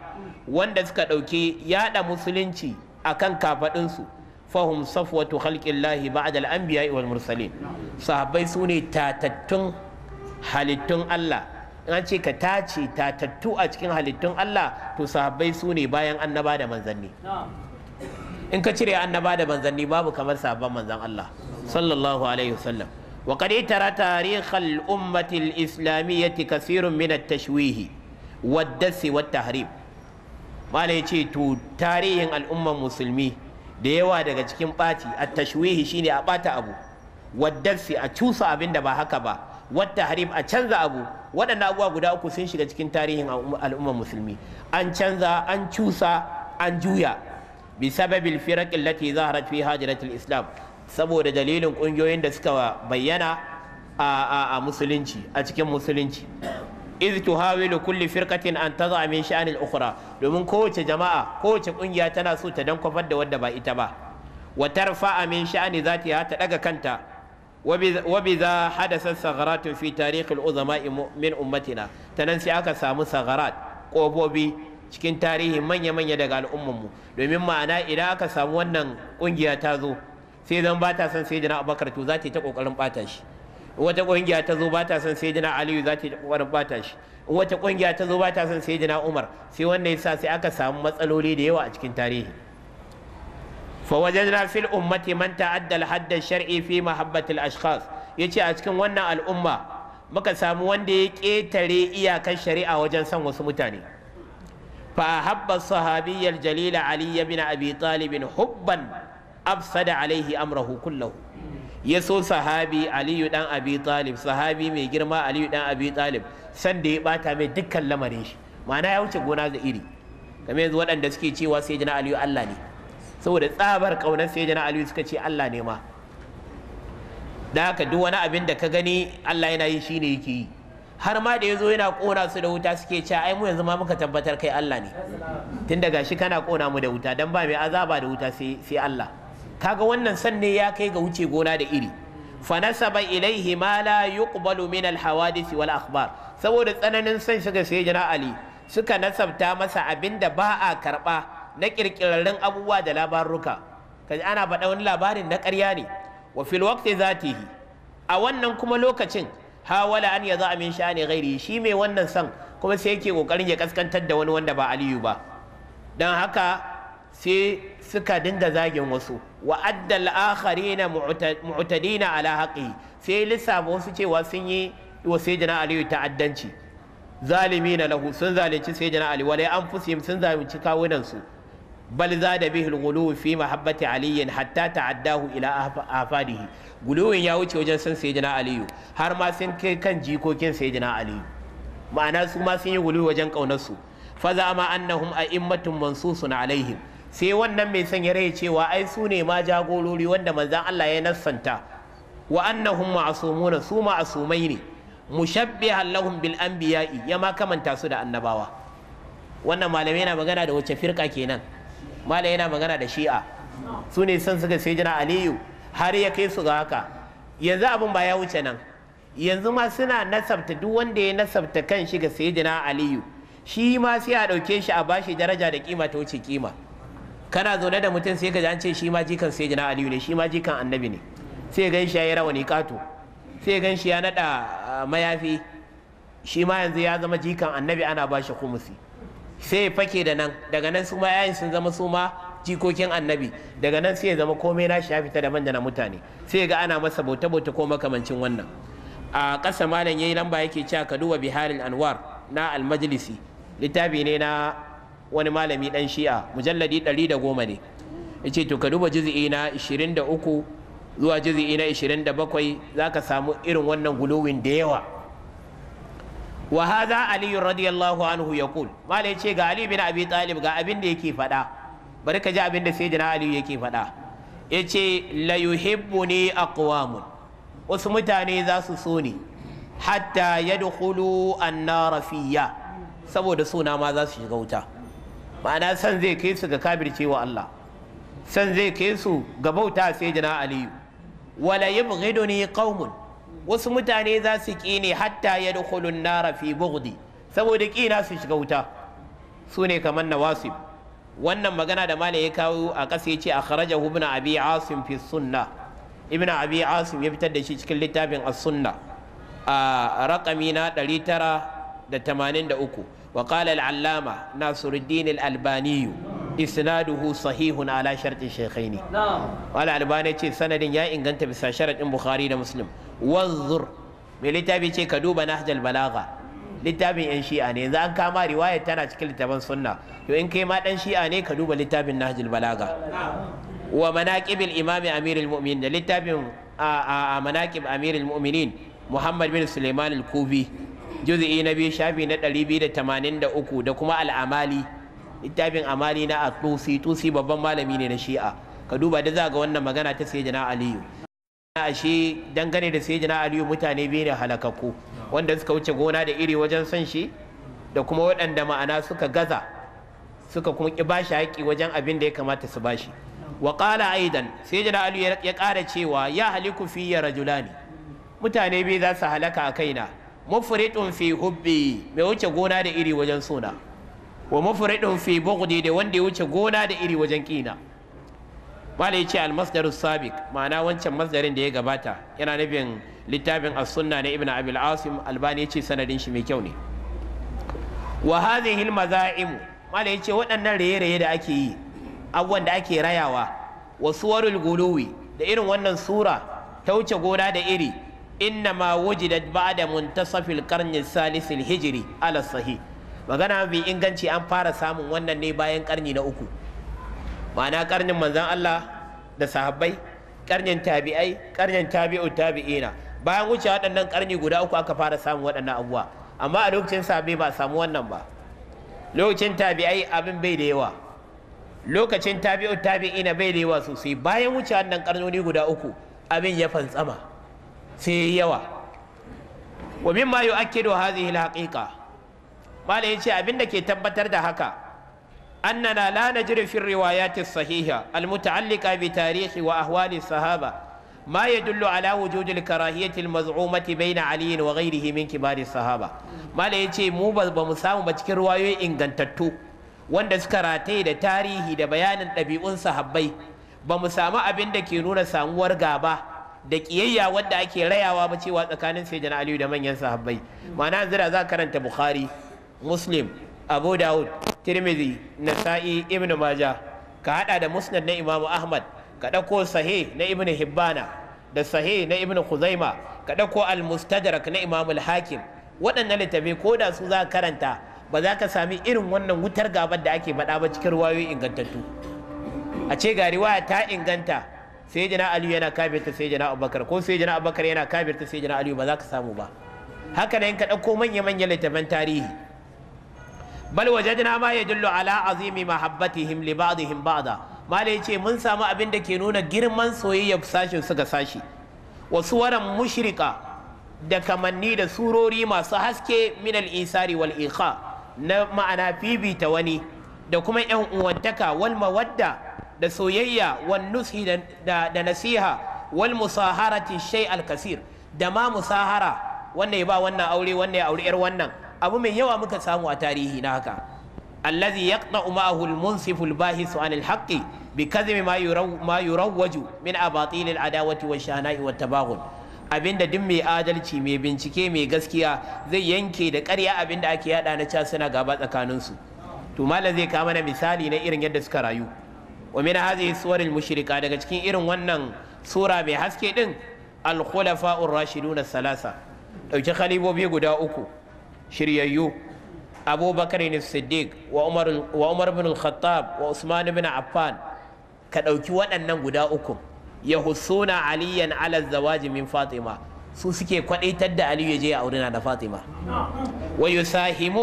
wanda suka ɗauki yaɗa musulunci akan kafaɗinsu fahum safwatu khalqillahi ba'da al-anbiya wal mursalin sahabbai sune tatattun halittun Allah an ce ka tace tatattu a cikin halittun Allah to sahabbai sune bayan bayan annaba da manzanni in ka cire annaba da manzanni babu kamar sabon manzan Allah sallallahu alaihi wasallam wa qad tara tarikhal ummati al-islamiyyati kathirun min at-tashwih wa dass wa tahrib mala yace to tarihin al'umman musulmi da yawa daga cikin ɓaci at-tashwih shine a bata abu wa dass a cusa abinda ba haka ba wa tahrib a canza abu waɗannan abubuwa guda uku sun shiga cikin tarihin al'umman musulmi an canza an cusa an juya بسبب الفرق التي ظهرت في هاجرة islam saboda dalilin ƙungiyoyin da suka bayyana a musulunci a cikin musulunci iz tuhawilu kulli firkatin an tadha min sha'anil ukhra domin kowace jama'a kowace ƙungiya tana so ta dan kwafar da wadda ba ita ba wa tarfa'a min sha'ani zati ta daga kanta wa bi za hadasa sagharatun fi tarikh al uzama min ummatina tanan sai aka samu sagharat ƙofofi cikin tarihi manya-manya daga al'ummanmu domin ma'ana idan aka samu wannan kungiya ta zo sai zan ba ta son sai jina abubakar to za ta yi ta kokarin bata shi wata kungiya ta zo ba ta son sai jina aliyu za ta yi ta kokarin bata shi wata kungiya ta zo ba ta son sai jina umar sai wannan yasa sai aka samu matsaloli da yawa a cikin tarihi fa wajadna fil ummati man ta'adda al hadd shar'i fi mahabbati al ashkhas yace a cikin wannan al'umma muka samu wanda ya ketare iyakar shari'a wajen son wasu mutane فأحب الصحابي الجليل علي بن أبي طالب حبا أفسد عليه أمره كله يسو صحابي علي بن أبي طالب صحابي من جرما علي بن أبي طالب سندي باتا من دكا لمريش معناه يوجد قناة إيري كما يزوان أن دسكي تي وسيجنا علي الله لي saboda tsabar kaunar sai jana aliyu suka ce Allah ne ma da haka duk wani abin da ka gani Allah yana yi shine yake yi har ma da ya zo yana ƙona su da wuta suke cewa ai mu yanzu ma muka tabbatar kai Allah ne tun daga shi kana ƙona mu da wuta dan ba mai azaba da wuta sai Allah kaga wannan san ne ya kai ga wuce gona da iri fanasaba ilaihi ma la yuqbalu min al hawadith wal akhbar saboda tsananin san shiga sai jira ali suka nasabta masa abinda ba a karba na kirkirarrun abubuwa da labaruka kaji ana faɗa wani labarin na ƙarya ne wa fil waqti zatihi a wannan kuma lokacin hawala an a min sha'ani ghairi shi mai wannan san kuma sai yake kokarin ya kaskantar da wani wanda ba aliyu ba dan haka sai suka dinga zagin wasu wa addal na mu'tadina ala haqqi sai lissafa wasu cewa sun yi wa sayyidina aliyu ta'addanci zalimina lahu sun zalunci sayyidina ali wala anfusihim sun zalunci kawunan su bal za da al-ghulu fi mahabbati ali hatta ta'addahu ila afadihi guluwin ya wuce wajen san sayyidina aliyu har ma sun kai kan jikokin sayyidina aliyu ma'ana su ma sun yi guluwi wajen kaunar su fa zama annahum a'immatun mansusun alaihim sai wannan mai sanya rai cewa ai su ne ma jagorori wanda manzan Allah ya nassanta wa annahum ma'asumuna su ma'asumai ne mushabbihan lahum bil anbiya'i ya ma kamanta su da annabawa wannan malamai na magana da wace firka kenan malam yana magana da shi'a su ne son suka sai jina aliyu har ya kai su ga haka yanzu abin ba ya wuce nan yanzu ma suna nasabta duk wanda ya nasabta kan shi ga sayyidina aliyu shi ma sai a ɗauke shi a bashi daraja da kima ta wuce kima kana zaune da mutum sai ka ji an ce shi ma jikan sayyidina aliyu ne shi ma jikan annabi ne sai gan shi ya rawani kato sai gan shi ya naɗa ah, mayafi shi ma yanzu ya zama jikan annabi ana bashi kumusi sai ya fake da nan daga nan su ma yayin sun zama su ma jikokin annabi daga nan sai ya zama komai na shi ya fita daban da na mutane sai ga ana masa bauta bauta ko makamancin wannan a ƙasa malam yayi lamba yake cewa ka duba biharil anwar na almajlisi littafi ne na wani malami dan shi'a mujalladi 110 ne yace to ka duba juz'i na 23 zuwa juz'i na 27 zaka samu irin wannan guluwin da yawa Wahaza Aliyu radiyallahu anhu ya yaqul malai ce ga ali bin abi talib ga abinda da yake faɗa bari ka ji abin da sayyidina ali yake faɗa Ya ce yace la yuhibbuni aqwamun wasu mutane za su so ni hatta yadkhulu an-nar fiyya saboda suna ma za su shiga wuta ma'ana san zai kai su ga kabircewa Allah san zai kai su ga bauta sayyidina aliyu wala yubghiduni qaumun wasu mutane za su ƙi ne hatta ya dukulun nara fi bugdi saboda ƙina su shiga wuta su ne kamar wasu. wannan magana da malam ya kawo a ƙasa ya ce a kharaja ibn abi asim fi sunna ibn abi asim ya fitar da shi cikin littafin as-sunna a raƙami na 983 wa qala al-allama nasiruddin al-albani isnaduhu sahihun ala sharti shaykhaini wal albani ce sanadin ya inganta bisa sharadin bukhari da muslim wanzur mai littafi ce ka duba nahjal balagha littafin yan shi'a ne yanzu an kama riwayar tana cikin littafin sunna to in kai ma dan shi'a ne ka duba littafin nahjal balaga wa manaqibil imam amirul mu'minin da littafin a manaqib amirul mu'minin muhammad bin sulaiman al-kufi juz'i na biyu shafi na 283 da kuma al-amali littafin amali na at-tusi tusi babban malami ne na shi'a ka duba da za ga wannan magana ta sayyidina aliyu ashe dangane da sayyidina aliyu mutane biyu ne halakakku wanda suka wuce gona da iri wajen son shi da kuma waɗanda ma'ana suka gaza suka kuma ki bashi haƙi wajen abin da ya kamata su bashi wa qala aidan sayyidina aliyu ya ƙara cewa ya haliku fi ya ne mutane biyu za su halaka a kaina mufridun fi hubbi mai wuce gona da iri wajen suna wa mufridun fi bughdi da wanda ya wuce gona da iri wajen kina malai ce almasdarus sabiq ma'ana wancan masdarin da ya gabata yana nufin littafin as-sunna na ibnu abil asim albani ce sanadin shi mai kyau ne wa hadhihi almaza'im malai ce waɗannan raye-raye da ake yi abubuwan da ake rayawa wa suwarul guluwi da irin wannan sura ta wuce gona da iri inna ma wujidat ba'da muntasafil qarni salisil hijri ala sahih magana mai inganci an fara samun wannan ne bayan karni na uku ma'ana karnin manzan Allah da sahabbai karnin tabi'ai karnin tabi'u tabi'ina bayan wuce waɗannan karni guda uku aka fara samun waɗannan abuwa. amma a lokacin sahabbai ba samu wannan ba lokacin tabi'ai abin bai da yawa lokacin tabi'u tabi'ina bai da yawa sosai bayan wuce waɗannan karnoni guda uku abin ya fantsama sai yawa wa mimma yu'akkidu hadhihi al-haqiqa malai yace abin da ke tabbatar da haka أننا لا نجري في الروايات الصحيحة المتعلقة بتاريخ وأهوال الصحابة ما يدل على وجود الكراهية المزعومة بين علي وغيره من كبار الصحابة ما لا يجي مو samu بتكر cikin إن جنتتو wanda suka rataye da tarihi da bayanin ɗabi'un sahabbai ba mu samu abin da ke nuna samuwar gaba da ƙiyayya wadda ake rayawa ba cewa tsakanin sayyidina Aliyu da manyan sahabbai ma'ana yanzu da za karanta Bukhari Muslim Abu Dawud tirmidhi nasa'i ibnu maja ka hada da musnad na imamu ahmad ka ɗauko sahih na ibnu hibbana da sahih na ibnu khuzaima ka ɗauko al-mustadrak na imamu al-hakim waɗannan littafai ko da su za karanta ba za ka sami irin wannan wutar gabar da ake faɗa ba cikin ruwayoyi ingantattu a ce ga riwaya ta inganta sai jina aliyu yana kafirta sai jina abubakar ko sai jina abubakar yana kafirta sai jina aliyu ba za ka samu ba haka nan ka ɗauko manya-manyan littafan tarihi bal wajadna ma yadullu ala azimi mahabbatihim li ba'dihim ba'da mala ce mun samu abin da ke nuna girman soyayya sashin su ga sashi wasu waran mushirika da kamanni da surori masu haske minal isari wal ikha na ma'ana ta wani da kuma yan uwantaka wal mawadda da soyayya wan nushi da nasiha wal musaharati shay alkasir da ma musahara wannan ya ba wannan aure wannan ya aure yar wannan abu mai yawa muka samu a tarihi na haka allazi yaqta'u ma'ahu al-munsifu al-bahith 'an al-haqqi bi kadhibi ma ma yurawwaju min abatil al-adawati wash-shana'i wat-tabaghun abinda duk mai adalci mai bincike mai gaskiya zai yanke da ƙarya abinda ake yada na ca suna gaba tsakaninsu to malam zai kawo mana misali na irin yadda suka rayu wa min hadhihi suwaril mushrika daga cikin irin wannan sura mai haske din al-khulafa'ur rashiduna salasa dauki khalibobi guda uku shiryayyu abubakar ne siddiq wa umar bin khattab wa usman bin affan ka ɗauki waɗannan guda uku ya husuna aliyan ala zawaji min fatima su suke kwaɗaitar da aliyu ya je a na da fatima wa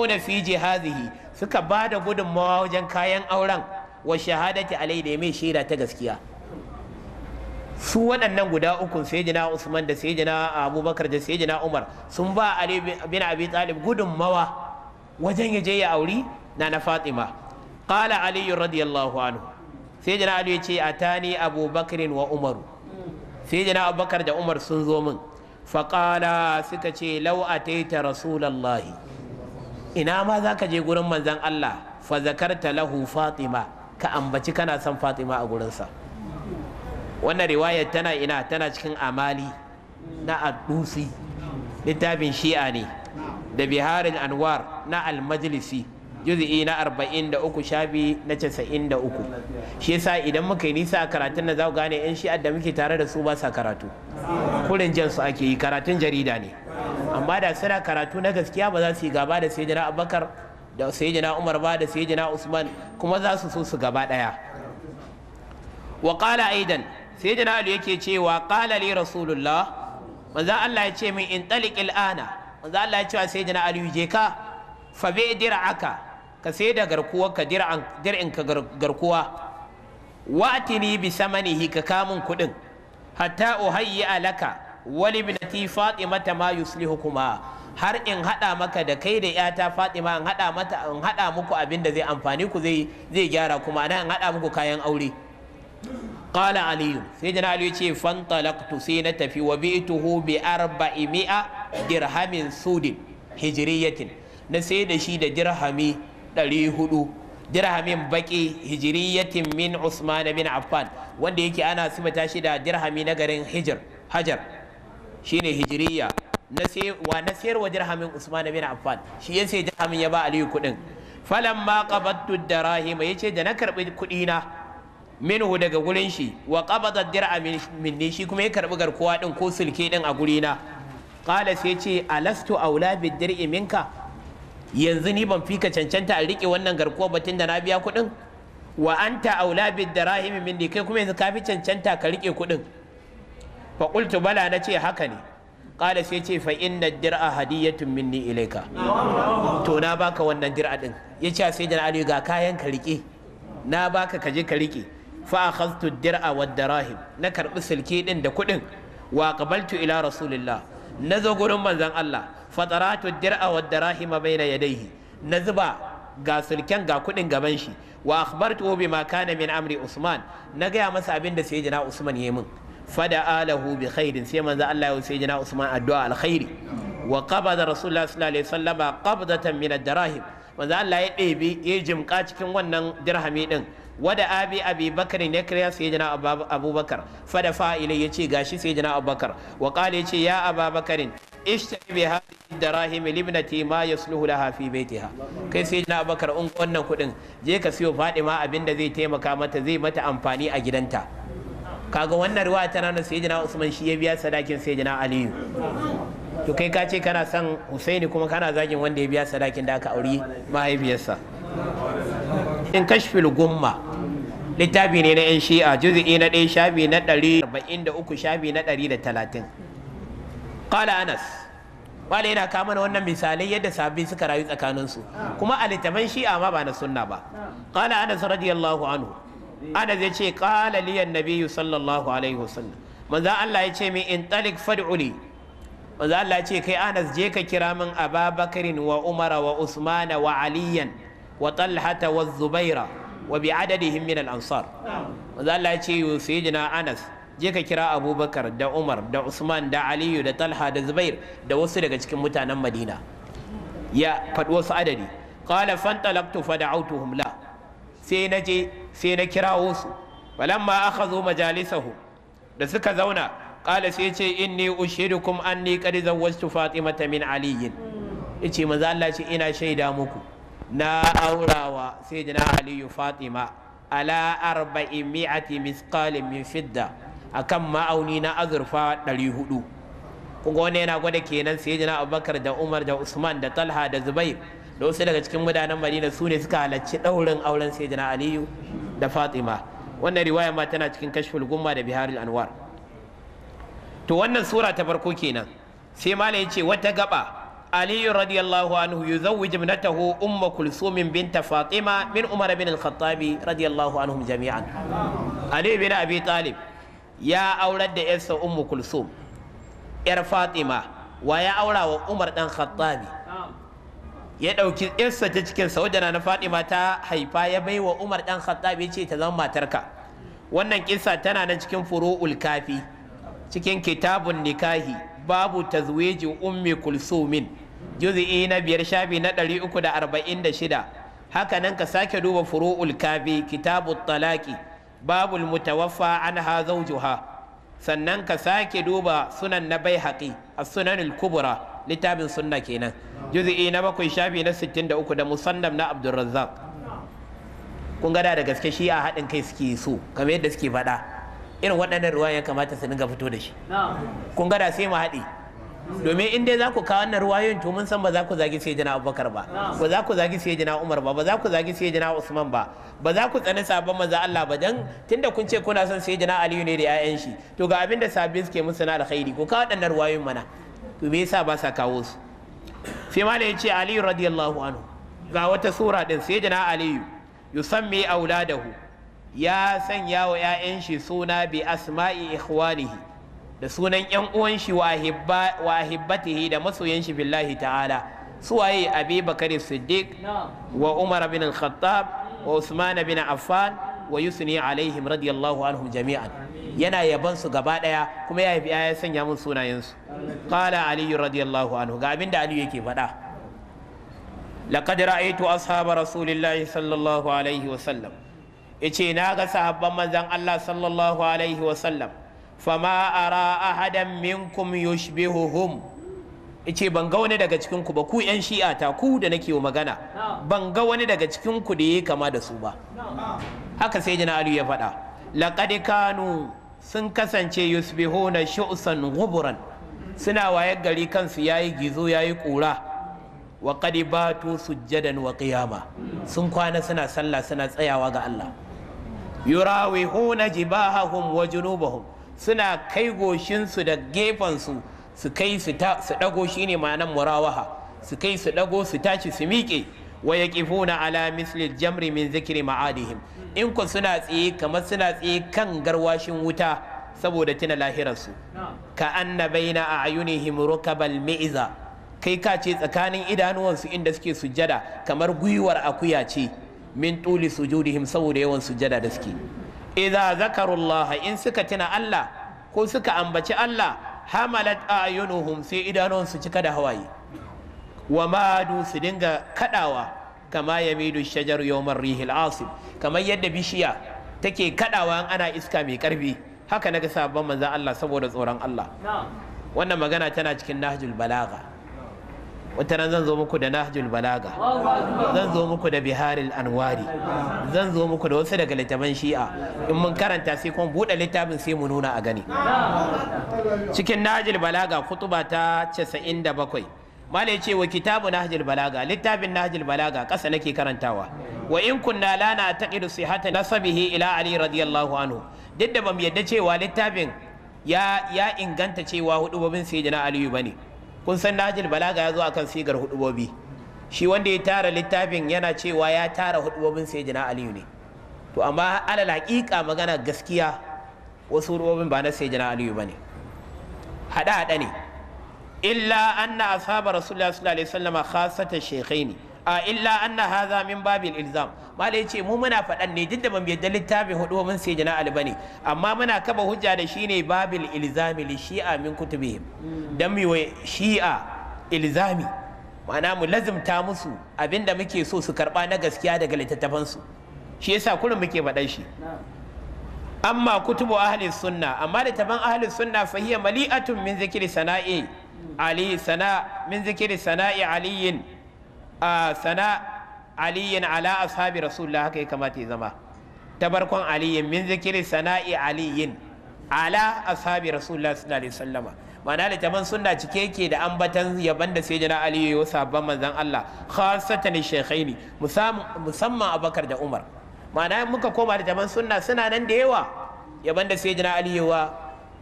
da fi hazihi suka ba da gudunmawa wajen kayan auren wa shahadati alai da mai shaida ta gaskiya su waɗannan guda ukun sayyidina Usman da sayyidina Abubakar da sayyidina Umar sun ba Ali bin Abi Talib gudunmawa wajen ya je ya auri na na Fatima qala Ali radiyallahu anhu sayyidina Ali ya ce atani Abubakar wa Umaru sayyidina Abubakar da Umar sun zo min faƙala suka ce lau ataita rasulallahi ina ma za ka je gurin manzan Allah fa zakarta lahu Fatima ka ambaci kana son Fatima a gurinsa wannan riwayar tana ina tana cikin amali na addusi littafin shi'a ne da biharin anwar na almajlisi juz'i na 43 shafi na 93 shi yasa idan muka yi nisa a karatun na za ku gane yan shi'ar da muke tare da su ba sa karatu kurin jan su ake yi karatun jarida ne amma da suna karatu na gaskiya ba za su yi gaba da sayyidina abubakar da sayyidina umar ba da sayyidina usman kuma za su so su gaba daya wa aidan sai jana ali yake cewa qala li rasulullah manzo Allah ya ce min in taliqil ana manzo Allah ya ce sai jana ali je ka fa bi dir'aka ka sai da garkuwa ka dir'an dir'in ka garkuwa wa'tini bi samanihi ka kamun kudin hatta uhayyi alaka wali faɗi fatimata ma yuslihukuma har in haɗa maka da kai da yata fatima in in hada muku abinda da zai amfani ku zai gyara kuma nan in haɗa muku kayan aure qala aliyu sai na aliyu ce fantalaqtu sai na tafi wa bi'tuhu bi mi'a dirhamin sudin hijiriyatin na sai da shi da dirhami ɗari hudu dirhamin baki hijiriyatin min usman bin affan wanda yake ana sibata shi da dirhami na garin hijir hajar shine hijiriya wa na sayarwa dirhamin usman bin affan shi ya sai dirhamin ya ba aliyu kuɗin? falan ma qabattu darahima yace da na karbi kudi na minhu daga gurin shi wa qabada dir'a minni shi kuma ya karbi garkuwa din ko sulke din a gurina qala sai ce alastu aula dir'i minka yanzu ni ban fika cancanta a rike wannan garkuwa batun da na biya kuɗin wa anta aula bidirahimi minni kai kuma yanzu ka fi cancanta ka rike kuɗin fa qultu bala na ce haka ne qala sai ce fa inna dir'a hadiyatun minni ilaika to na baka wannan dir'a din yace sai da Ali ga kayan ka rike na baka je ka rike fa dir'a wad darahim na karbi silki din da kudin wa qabaltu ila rasulillah na zo gurin manzon Allah fataratu dir'a wad darahim baina yadayhi na zuba ga silken ga kudin gaban shi wa akhbartu ma kana min amri usman na gaya masa abin da sayyidina usman yayi min fada alahu bi khairin sai manzo Allah ya sayyidina usman addu'a alkhairi wa qabada rasulullah sallallahu alaihi wasallam qabdatan min ad-dirahim manzo Allah ya ɗebi ya jimka cikin wannan dirhami din wada abi abi bakar ne kariya sai jana abubakar fada fa'ila ya ce gashi sai jana abubakar wa kala ya ce ya ababakarin ishtari bi hadhihi darahim libnati ma yasluhu hafi bai baitiha kai sai jana abubakar in wannan kudin je ka siyo fadima abin da zai taimaka mata zai mata amfani a gidanta kaga wannan ruwa ta nana sai jana usman shi ya biya sadakin sai jana aliyu to kai ka ce kana son husaini kuma kana zagin wanda ya biya sadakin da aka auri mahaifiyarsa In kashfil gumma littafi ne na 'yan shi'a juzi'i na ɗaya shafi na ɗari arba'in da 143 shafi na ɗari da talatin. ƙala anas wale yana kama na wannan misalai yadda sabbi suka rayu tsakaninsu kuma a littafin shi'a ma ba na sunna ba ƙala anas radiyallahu anhu anas ya ce ƙala liyan nabiyyu sallallahu alaihi wasallam manzo Allah ya ce min in talik fad'uli manzo Allah ya ce kai anas je ka kira min ababakarin wa umara wa usmana wa aliyan وطلحة والزبير وبعددهم من الأنصار ansar يقول سيدنا أنس je ka kira abubakar da umar da usman da aliyu da talha da zubair da wasu daga cikin mutanen madina ya faɗi wasu adadi qala fantalaqtu fada'awtuhum la sai na je sai na kirawo su falamma akhadhu majalisahu da suka zauna qala sai ce inni ushidukum anni qad zawwajtu fatimata min aliyin yace manzo ina shaida muku na aurawa sai jina aliyu fatima ala arba'i mi'ati misqalin min fidda kan ma'auni na azurfa hudu. kuma wani yana gwada kenan sai jina abubakar da umar da usman da talha da zubair da wasu daga cikin mudanen madina su ne suka halarci ɗaurin auren sai jina aliyu da fatima wannan riwaya ma tana cikin kashful gumma da biharul anwar to wannan sura ta farko kenan sai malam ya ce wata gaba علي رضي الله عنه يزوج ابنته أم كلثوم بنت فاطمة من عمر بن الخطاب رضي الله عنهم جميعا علي بن أبي طالب يا أولاد إرس أم كلثوم إر فاطمة ويا أولاد وعمر بن الخطاب ya ɗauki umm yarsa ta cikin wajen na Fatima ta haifa ya bai wa Umar ɗan Khattab ya ce ta zama matarka wannan kisa tana nan cikin furu'ul kafi cikin kitabun nikahi babu tazwiji ummi kulsumin juz'i na biyar shafi na 346 haka nan ka sake duba furu'ul kafi kitabu talaki babul mutawaffa ha zawjuha sannan ka sake duba sunan na bai haƙi a sunanul kubura littafin sunna kenan juz'i na bakwai shafi na 63 da musannam na abdulrazzaq kun gada da gaske shi a haɗin kai suke so kamar yadda suke faɗa irin waɗannan ruwa ya kamata su dinga fito da shi kun gada sai mu haɗe domin in dai za ku kawo wannan ruwayoyin to mun san ba za ku zagi sayyidina Abubakar ba ba za ku zagi sayyidina Umar ba ba za ku zagi sayyidina Usman ba ba za ku tsani sabon maza Allah ba dan tunda kun ce kuna son sayyidina Aliyu ne da 'ya'yan shi to ga abin da sabbin suke musu na alkhairi ku kawo waɗannan ruwayoyin mana to me yasa ba sa kawo su sai malai yace Aliyu radiyallahu anhu ga wata sura din sayyidina Aliyu yusammi auladahu ya sanya wa 'ya'yan shi suna bi asma'i ikhwanihi da sunan yan uwan shi wa wahibbatihi da masoyan shi billahi ta'ala suwaye abi bakari siddiq wa umar bin al-khattab wa usman bin affan wa yusni alaihim radiyallahu anhum jami'an yana yaban su gaba daya kuma ya yi ya sanya mun sunayen su qala ali radiyallahu anhu ga abinda ali yake faɗa laqad ra'aytu ashab rasulillahi sallallahu alaihi wa sallam yace na ga sahabban manzon Allah sallallahu alaihi wa sallam fama ara ahadan minkum yushbihuhum ce ban ga wani daga cikin ba ku yan shi'a ta ku da nake magana ban ga wani daga cikin ku da yayi kama da su ba haka sai jina Ali ya faɗa laqad kanu sun kasance na shu'san ghuburan suna wayar gari kansu yayi gizo yayi kura wa qad batu sujjadan wa qiyama sun kwana suna sallah suna tsayawa ga Allah yurawihuna jibahahum wa junubahum suna kai goshinsu da gefensu su kai su ɗago shi ne ma'anan murawaha su kai su ɗago su tashi su miƙe wa na ala misli jamri min zikiri ma'adihim in ku suna tsaye kamar suna tsaye kan garwashin wuta saboda tuna lahirarsu ka anna baina a'yunihim rukabal mi'iza kai ka ce tsakanin idanuwansu inda suke sujada kamar gwiwar akuya ce min tuli sujudihim saboda yawan sujada da suke idza zakarullaha in suka tuna Allah ko suka ambaci Allah hamalat ayunuhum sai idanun su cika da hawaye wa su dinga kaɗawa, kama yamidu shajar yawmar rihil asib kamar yadda bishiya take kaɗawa in ana iska mai karfi haka naga sabon manzon Allah saboda tsoron Allah wannan magana tana cikin nahjul balagha wata zan zo muku da nahjul balaga zan zo muku da biharil anwari zan zo muku da wasu daga littafin shi'a in mun karanta sai kuma buɗe littafin sai mu nuna a gani cikin nahjul balaga kutuba ta 97 mala ya ce wa kitabu nahjul balaga littafin nahjul balaga ƙasa nake karantawa wa in kunna la na taqidu sihata nasabihi ila ali radiyallahu anhu duk da bamu yadda cewa littafin ya inganta cewa babin sayyidina aliyu bane kun san Najil balaga ya zo a kan sigar hudubobi shi wanda ya tara littafin yana cewa ya tara hudubobin jina aliyu ne to amma alal haƙiƙa magana gaskiya wasu hudubobin ba na sai jina aliyu ne. hada hada ne illa an na ashabar rasulullah sallallahu alaihi khasata shekai ne. illa anna hadha min babil ilzam malai yace mu muna faɗan ne duk da ban yadda littafin hudu mun sai ba albani amma muna kaba hujja da shine babil ilzami li shi'a min kutubihim dan mi wai shi'a ilzami ma'ana mu lazimta musu abinda muke so su karba na gaskiya daga su shi yasa kullum muke faɗan shi amma kutubu ahli sunna amma da ahli sunna fa mali'atun min zikri sana'i ali sana min zikri sana'i aliyin sana aliyin ala ashabi rasulullah haka ya kamata ya zama tabarkon aliyin min zikiri sana'i aliyin ala ashabi rasulullah sallallahu alaihi wasallama ma'ana da littafin sunna cike yake da ambatan yaban da sai jira aliyu ya sabon manzan Allah khasatan shaykhaini musamman Abakar da Umar ma'ana muka koma littafin sunna suna nan da yawa yaban da sai jira aliyu wa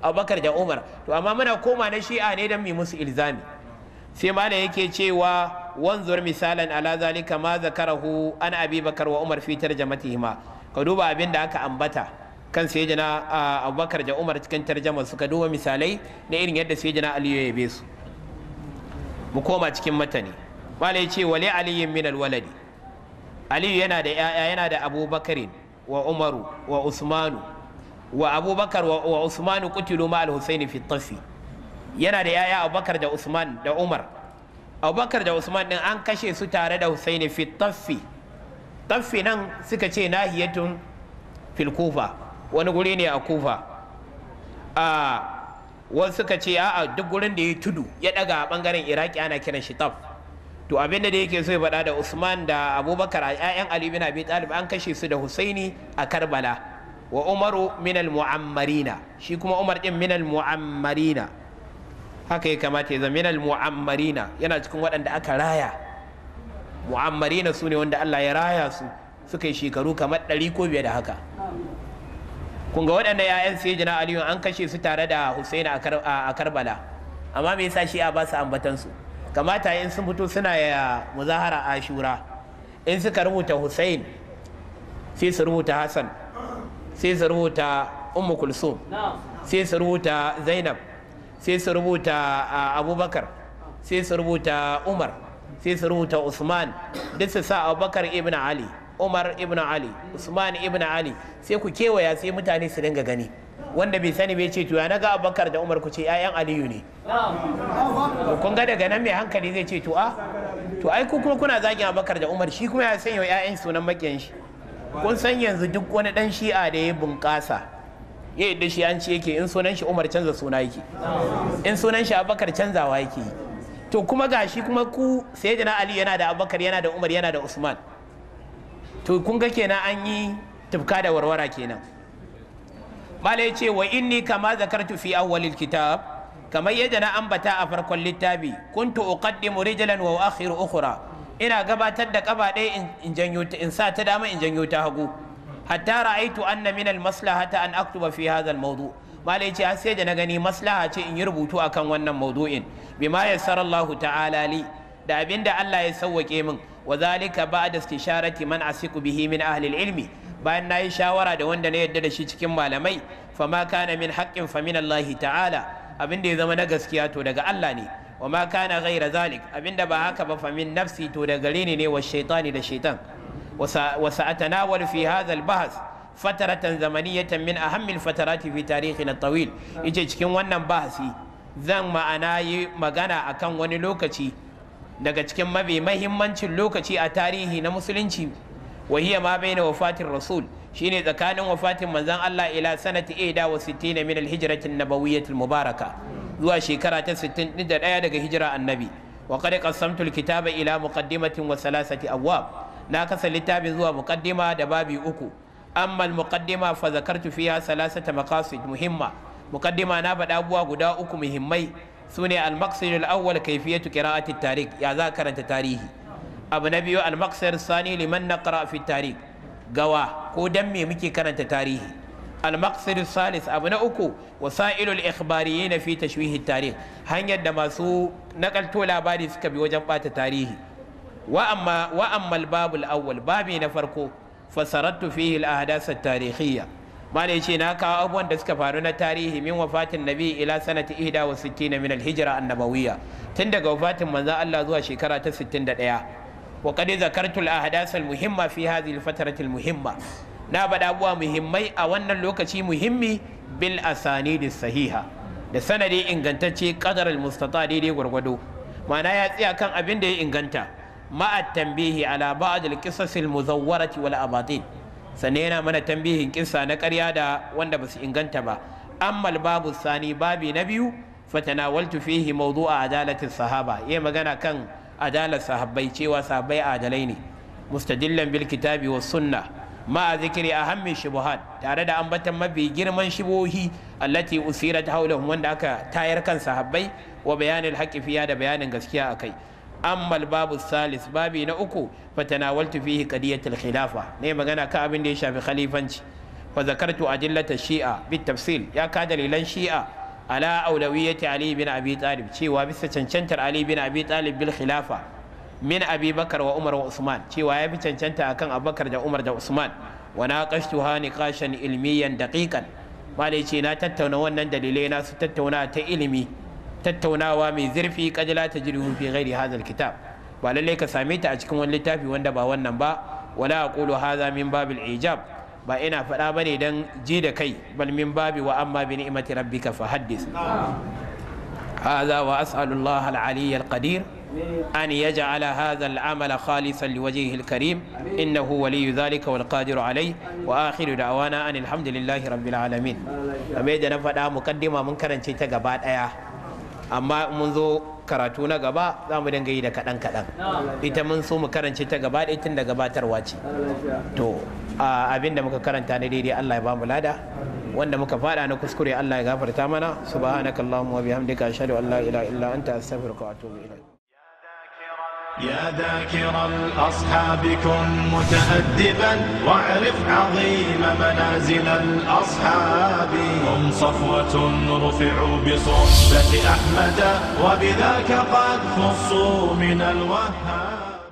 Abakar da Umar to amma muna koma na shi'a ne don mu musu ilzami sai malam yake cewa wanzuwar misalan ala zalika ma zakarahu an abi bakar wa umar fi tarjamatihima ka duba abin da aka ambata kan sayyidina abubakar da umar cikin tarjama su ka duba misalai na irin yadda sayyidina ali ya yabe su mu koma cikin matani bala ya ce wali aliyin min alwaladi aliyu yana da yaya yana da abubakarin wa umaru wa usmanu wa abubakar wa usmanu kutilu ma al-husaini fi tafi yana da yaya abubakar da usman da umar abubakar da usman ɗin an kashe su tare da husaini fi taffi taffi nan suka ce nahiyatun fil kufa wani guri ne a kufa a wani suka ce a duk gurin da ya tudu ya daga a bangaren iraki ana kiran shi taf to abin da yake so ya faɗa da usman da abubakar a ƴaƴan ali bin abi talib an kashe su da Hussaini a karbala wa umaru minal mu'ammarina shi kuma umar din minal mu'ammarina haka ya kamata ya zama minal mu'ammarina yana cikin waɗanda aka raya mu'ammarina su ne wanda Allah ya raya su suka yi shekaru kamar ɗari ko biye da haka kun ga waɗanda ya'yan sai jina aliyu an kashe su tare da husaini a karbala amma me yasa shi a ba su ambatan su kamata in sun fito suna ya muzahara a shura in suka rubuta husain sai su rubuta hassan sai su rubuta ummu kulsum sai su rubuta zainab sai su rubuta abubakar sai su rubuta umar sai su rubuta usman duk su sa abubakar ibn ali umar ibn ali usman ibn ali sai ku kewaya sai mutane su dinga gani wanda bai sani bai ce to ya naga abubakar da umar ku ce 'ya'yan aliyu ne kun ga daga nan mai hankali zai ce to a to ai ku kuma kuna zagin abubakar da umar shi kuma ya sanya 'ya'yan sunan makiyan shi kun san yanzu duk wani dan shi'a da ya bunƙasa ya yadda shi an ce yake in sunan shi Umar canza suna yake in sunan shi Abubakar canzawa yake to kuma gashi kuma ku sayyidina Ali yana da Abubakar yana da Umar yana da Usman to kun ga kenan an yi tufka da warwara kenan ya ce wa ni kama zakartu fi awwalil kitab kamar yadda na ambata a farkon littafi kuntu uqaddimu rijlan wa akhiru ukhra ina gabatar da kaba ɗaya in janyo in sa ta dama in janyo ta hagu hatta ra'aitu anna min al an aktuba fi hadha al malai ce har sai da na gani maslaha ce in yi rubutu akan wannan mawdu'in bima yassara Allah ta'ala li da abinda Allah ya sawwake min wa zalika ba'da istisharati man asiku bihi min ahli ilmi bayan nayi shawara da wanda na yadda da shi cikin malamai fama kana min haqqin fa min Allah ta'ala abinda ya zama na gaskiya to daga Allah ne wa ma kana ghaira zalik abinda ba haka ba fa min nafsi to daga gare ne ne wa shaytani da shaytan وسأتناول في هذا البحث فترة زمنية من أهم الفترات في تاريخنا الطويل إيجي cikin wannan bahasi zan ma'ana yi magana akan wani lokaci daga cikin mafi mahimmancin lokaci a tarihi na musulunci wa hiya ma baina wafatin rasul shine tsakanin wafatin manzon Allah ila sanati 61 min al-hijrati an-nabawiyyah al-mubaraka zuwa shekara ta 61 daga hijira annabi wa qad qasamtu al-kitaba ila muqaddimatin wa thalathati abwab na kasa littafin zuwa muqaddima da babi uku amma muqaddima fa zakartu fiha salasata maqasid muhimma muqaddima na faɗa abubuwa guda uku muhimmai sune al-maqsid al-awwal kayfiyatu qira'ati tarikh ya za karanta tarihi abu na biyu al-maqsid sani liman naqra fi tarikh gawa ko dan me muke karanta tarihi abu ikbari الثالث أبو نأكو وسائل الإخباريين في hanyar da masu دماسو labari suka bi wajen bata tarihi. wa amma wa amma babul awwal babi na farko fasarattu fihi al-ahdath at-tarikhiyya malai na kawo abubuwan da suka faru na tarihi min wafatin nabi ila sanati ihda wa sittina min al-hijra annabawiyya tun daga wafatin manzon Allah zuwa shekara ta sittin da qad zakartu al-ahdath al-muhimma fi hadhihi al-fatrah muhimma na bada abubuwa muhimmai a wannan lokaci muhimmi bil asanidi sahiha da sanadin ingantacce qadar al-mustata daidai gwargwado ma'ana ya tsaya kan abin da ya inganta ma'a tambihi ala ba'd al-qisas al-muzawwarati wal abatin sannan yana mana tambihin kissa na karya da wanda ba inganta ba amma babu sani babi na biyu fatanawaltu fihi mawdu'a adalatin sahaba yayi magana kan adalar sahabbai cewa sahabbai adalai ne mustadillan bil kitabi was sunna ma a ahammi shubuhat tare da ambatan mafi girman shibohi allati usirat haulahum wanda aka tayar kan sahabbai wa bayanin haqqi fiya da bayanin gaskiya a kai. ammal babu salis babi na uku fatanawaltu fihi qadiyatul khilafa ne magana ka abin da ya shafi khalifanci wa zakartu adillata shi'a bit tafsil ya ka dalilan shi'a ala aulawiyyati ali bin abi talib cewa bisa cancantar ali bin abi talib bil khilafa min abi bakar wa umar wa usman cewa ya fi cancanta akan abubakar da umar da usman wa naqashtuha niqashan ilmiyan daqiqan malai ce na tattauna wannan dalilai na su tattauna ta ilimi tattaunawa mai zurfi kajala ta jiri fi gairi hazal kitab ba lallai ka same ta a cikin wani littafi wanda ba wannan ba wala a kulu haza min babil ijab ba ina faɗa ba ne don ji da kai bal min babi wa amma bi ni'mati rabbika fa haddis hadha wa as'alu Allah al-ali al-qadir an yaj'ala hadha al-amal khalisan li wajhihi al-karim innahu waliyyu dhalika wal-qadiru alayhi wa akhiru da'wana an alhamdulillahi rabbil alamin kamar da na faɗa mukaddima mun karance ta gaba daya amma mun zo karatu na gaba za mu dinga yi da kaɗan kaɗan ita mun so mu karance ta gaba ɗaya tun da gabatarwa ce to abin da muka karanta na daidai Allah ya ba mu lada wanda muka faɗa na kuskure Allah ya gafarta mana subhanakallahumma wa bihamdika ashhadu an la ilaha illa anta astaghfiruka wa atubu ilaik يا ذاكر الأصحاب كن متأدبا واعرف عظيم منازل الأصحاب هم صفوة رفعوا بصحبة أحمد وبذاك قد خصوا من الوهاب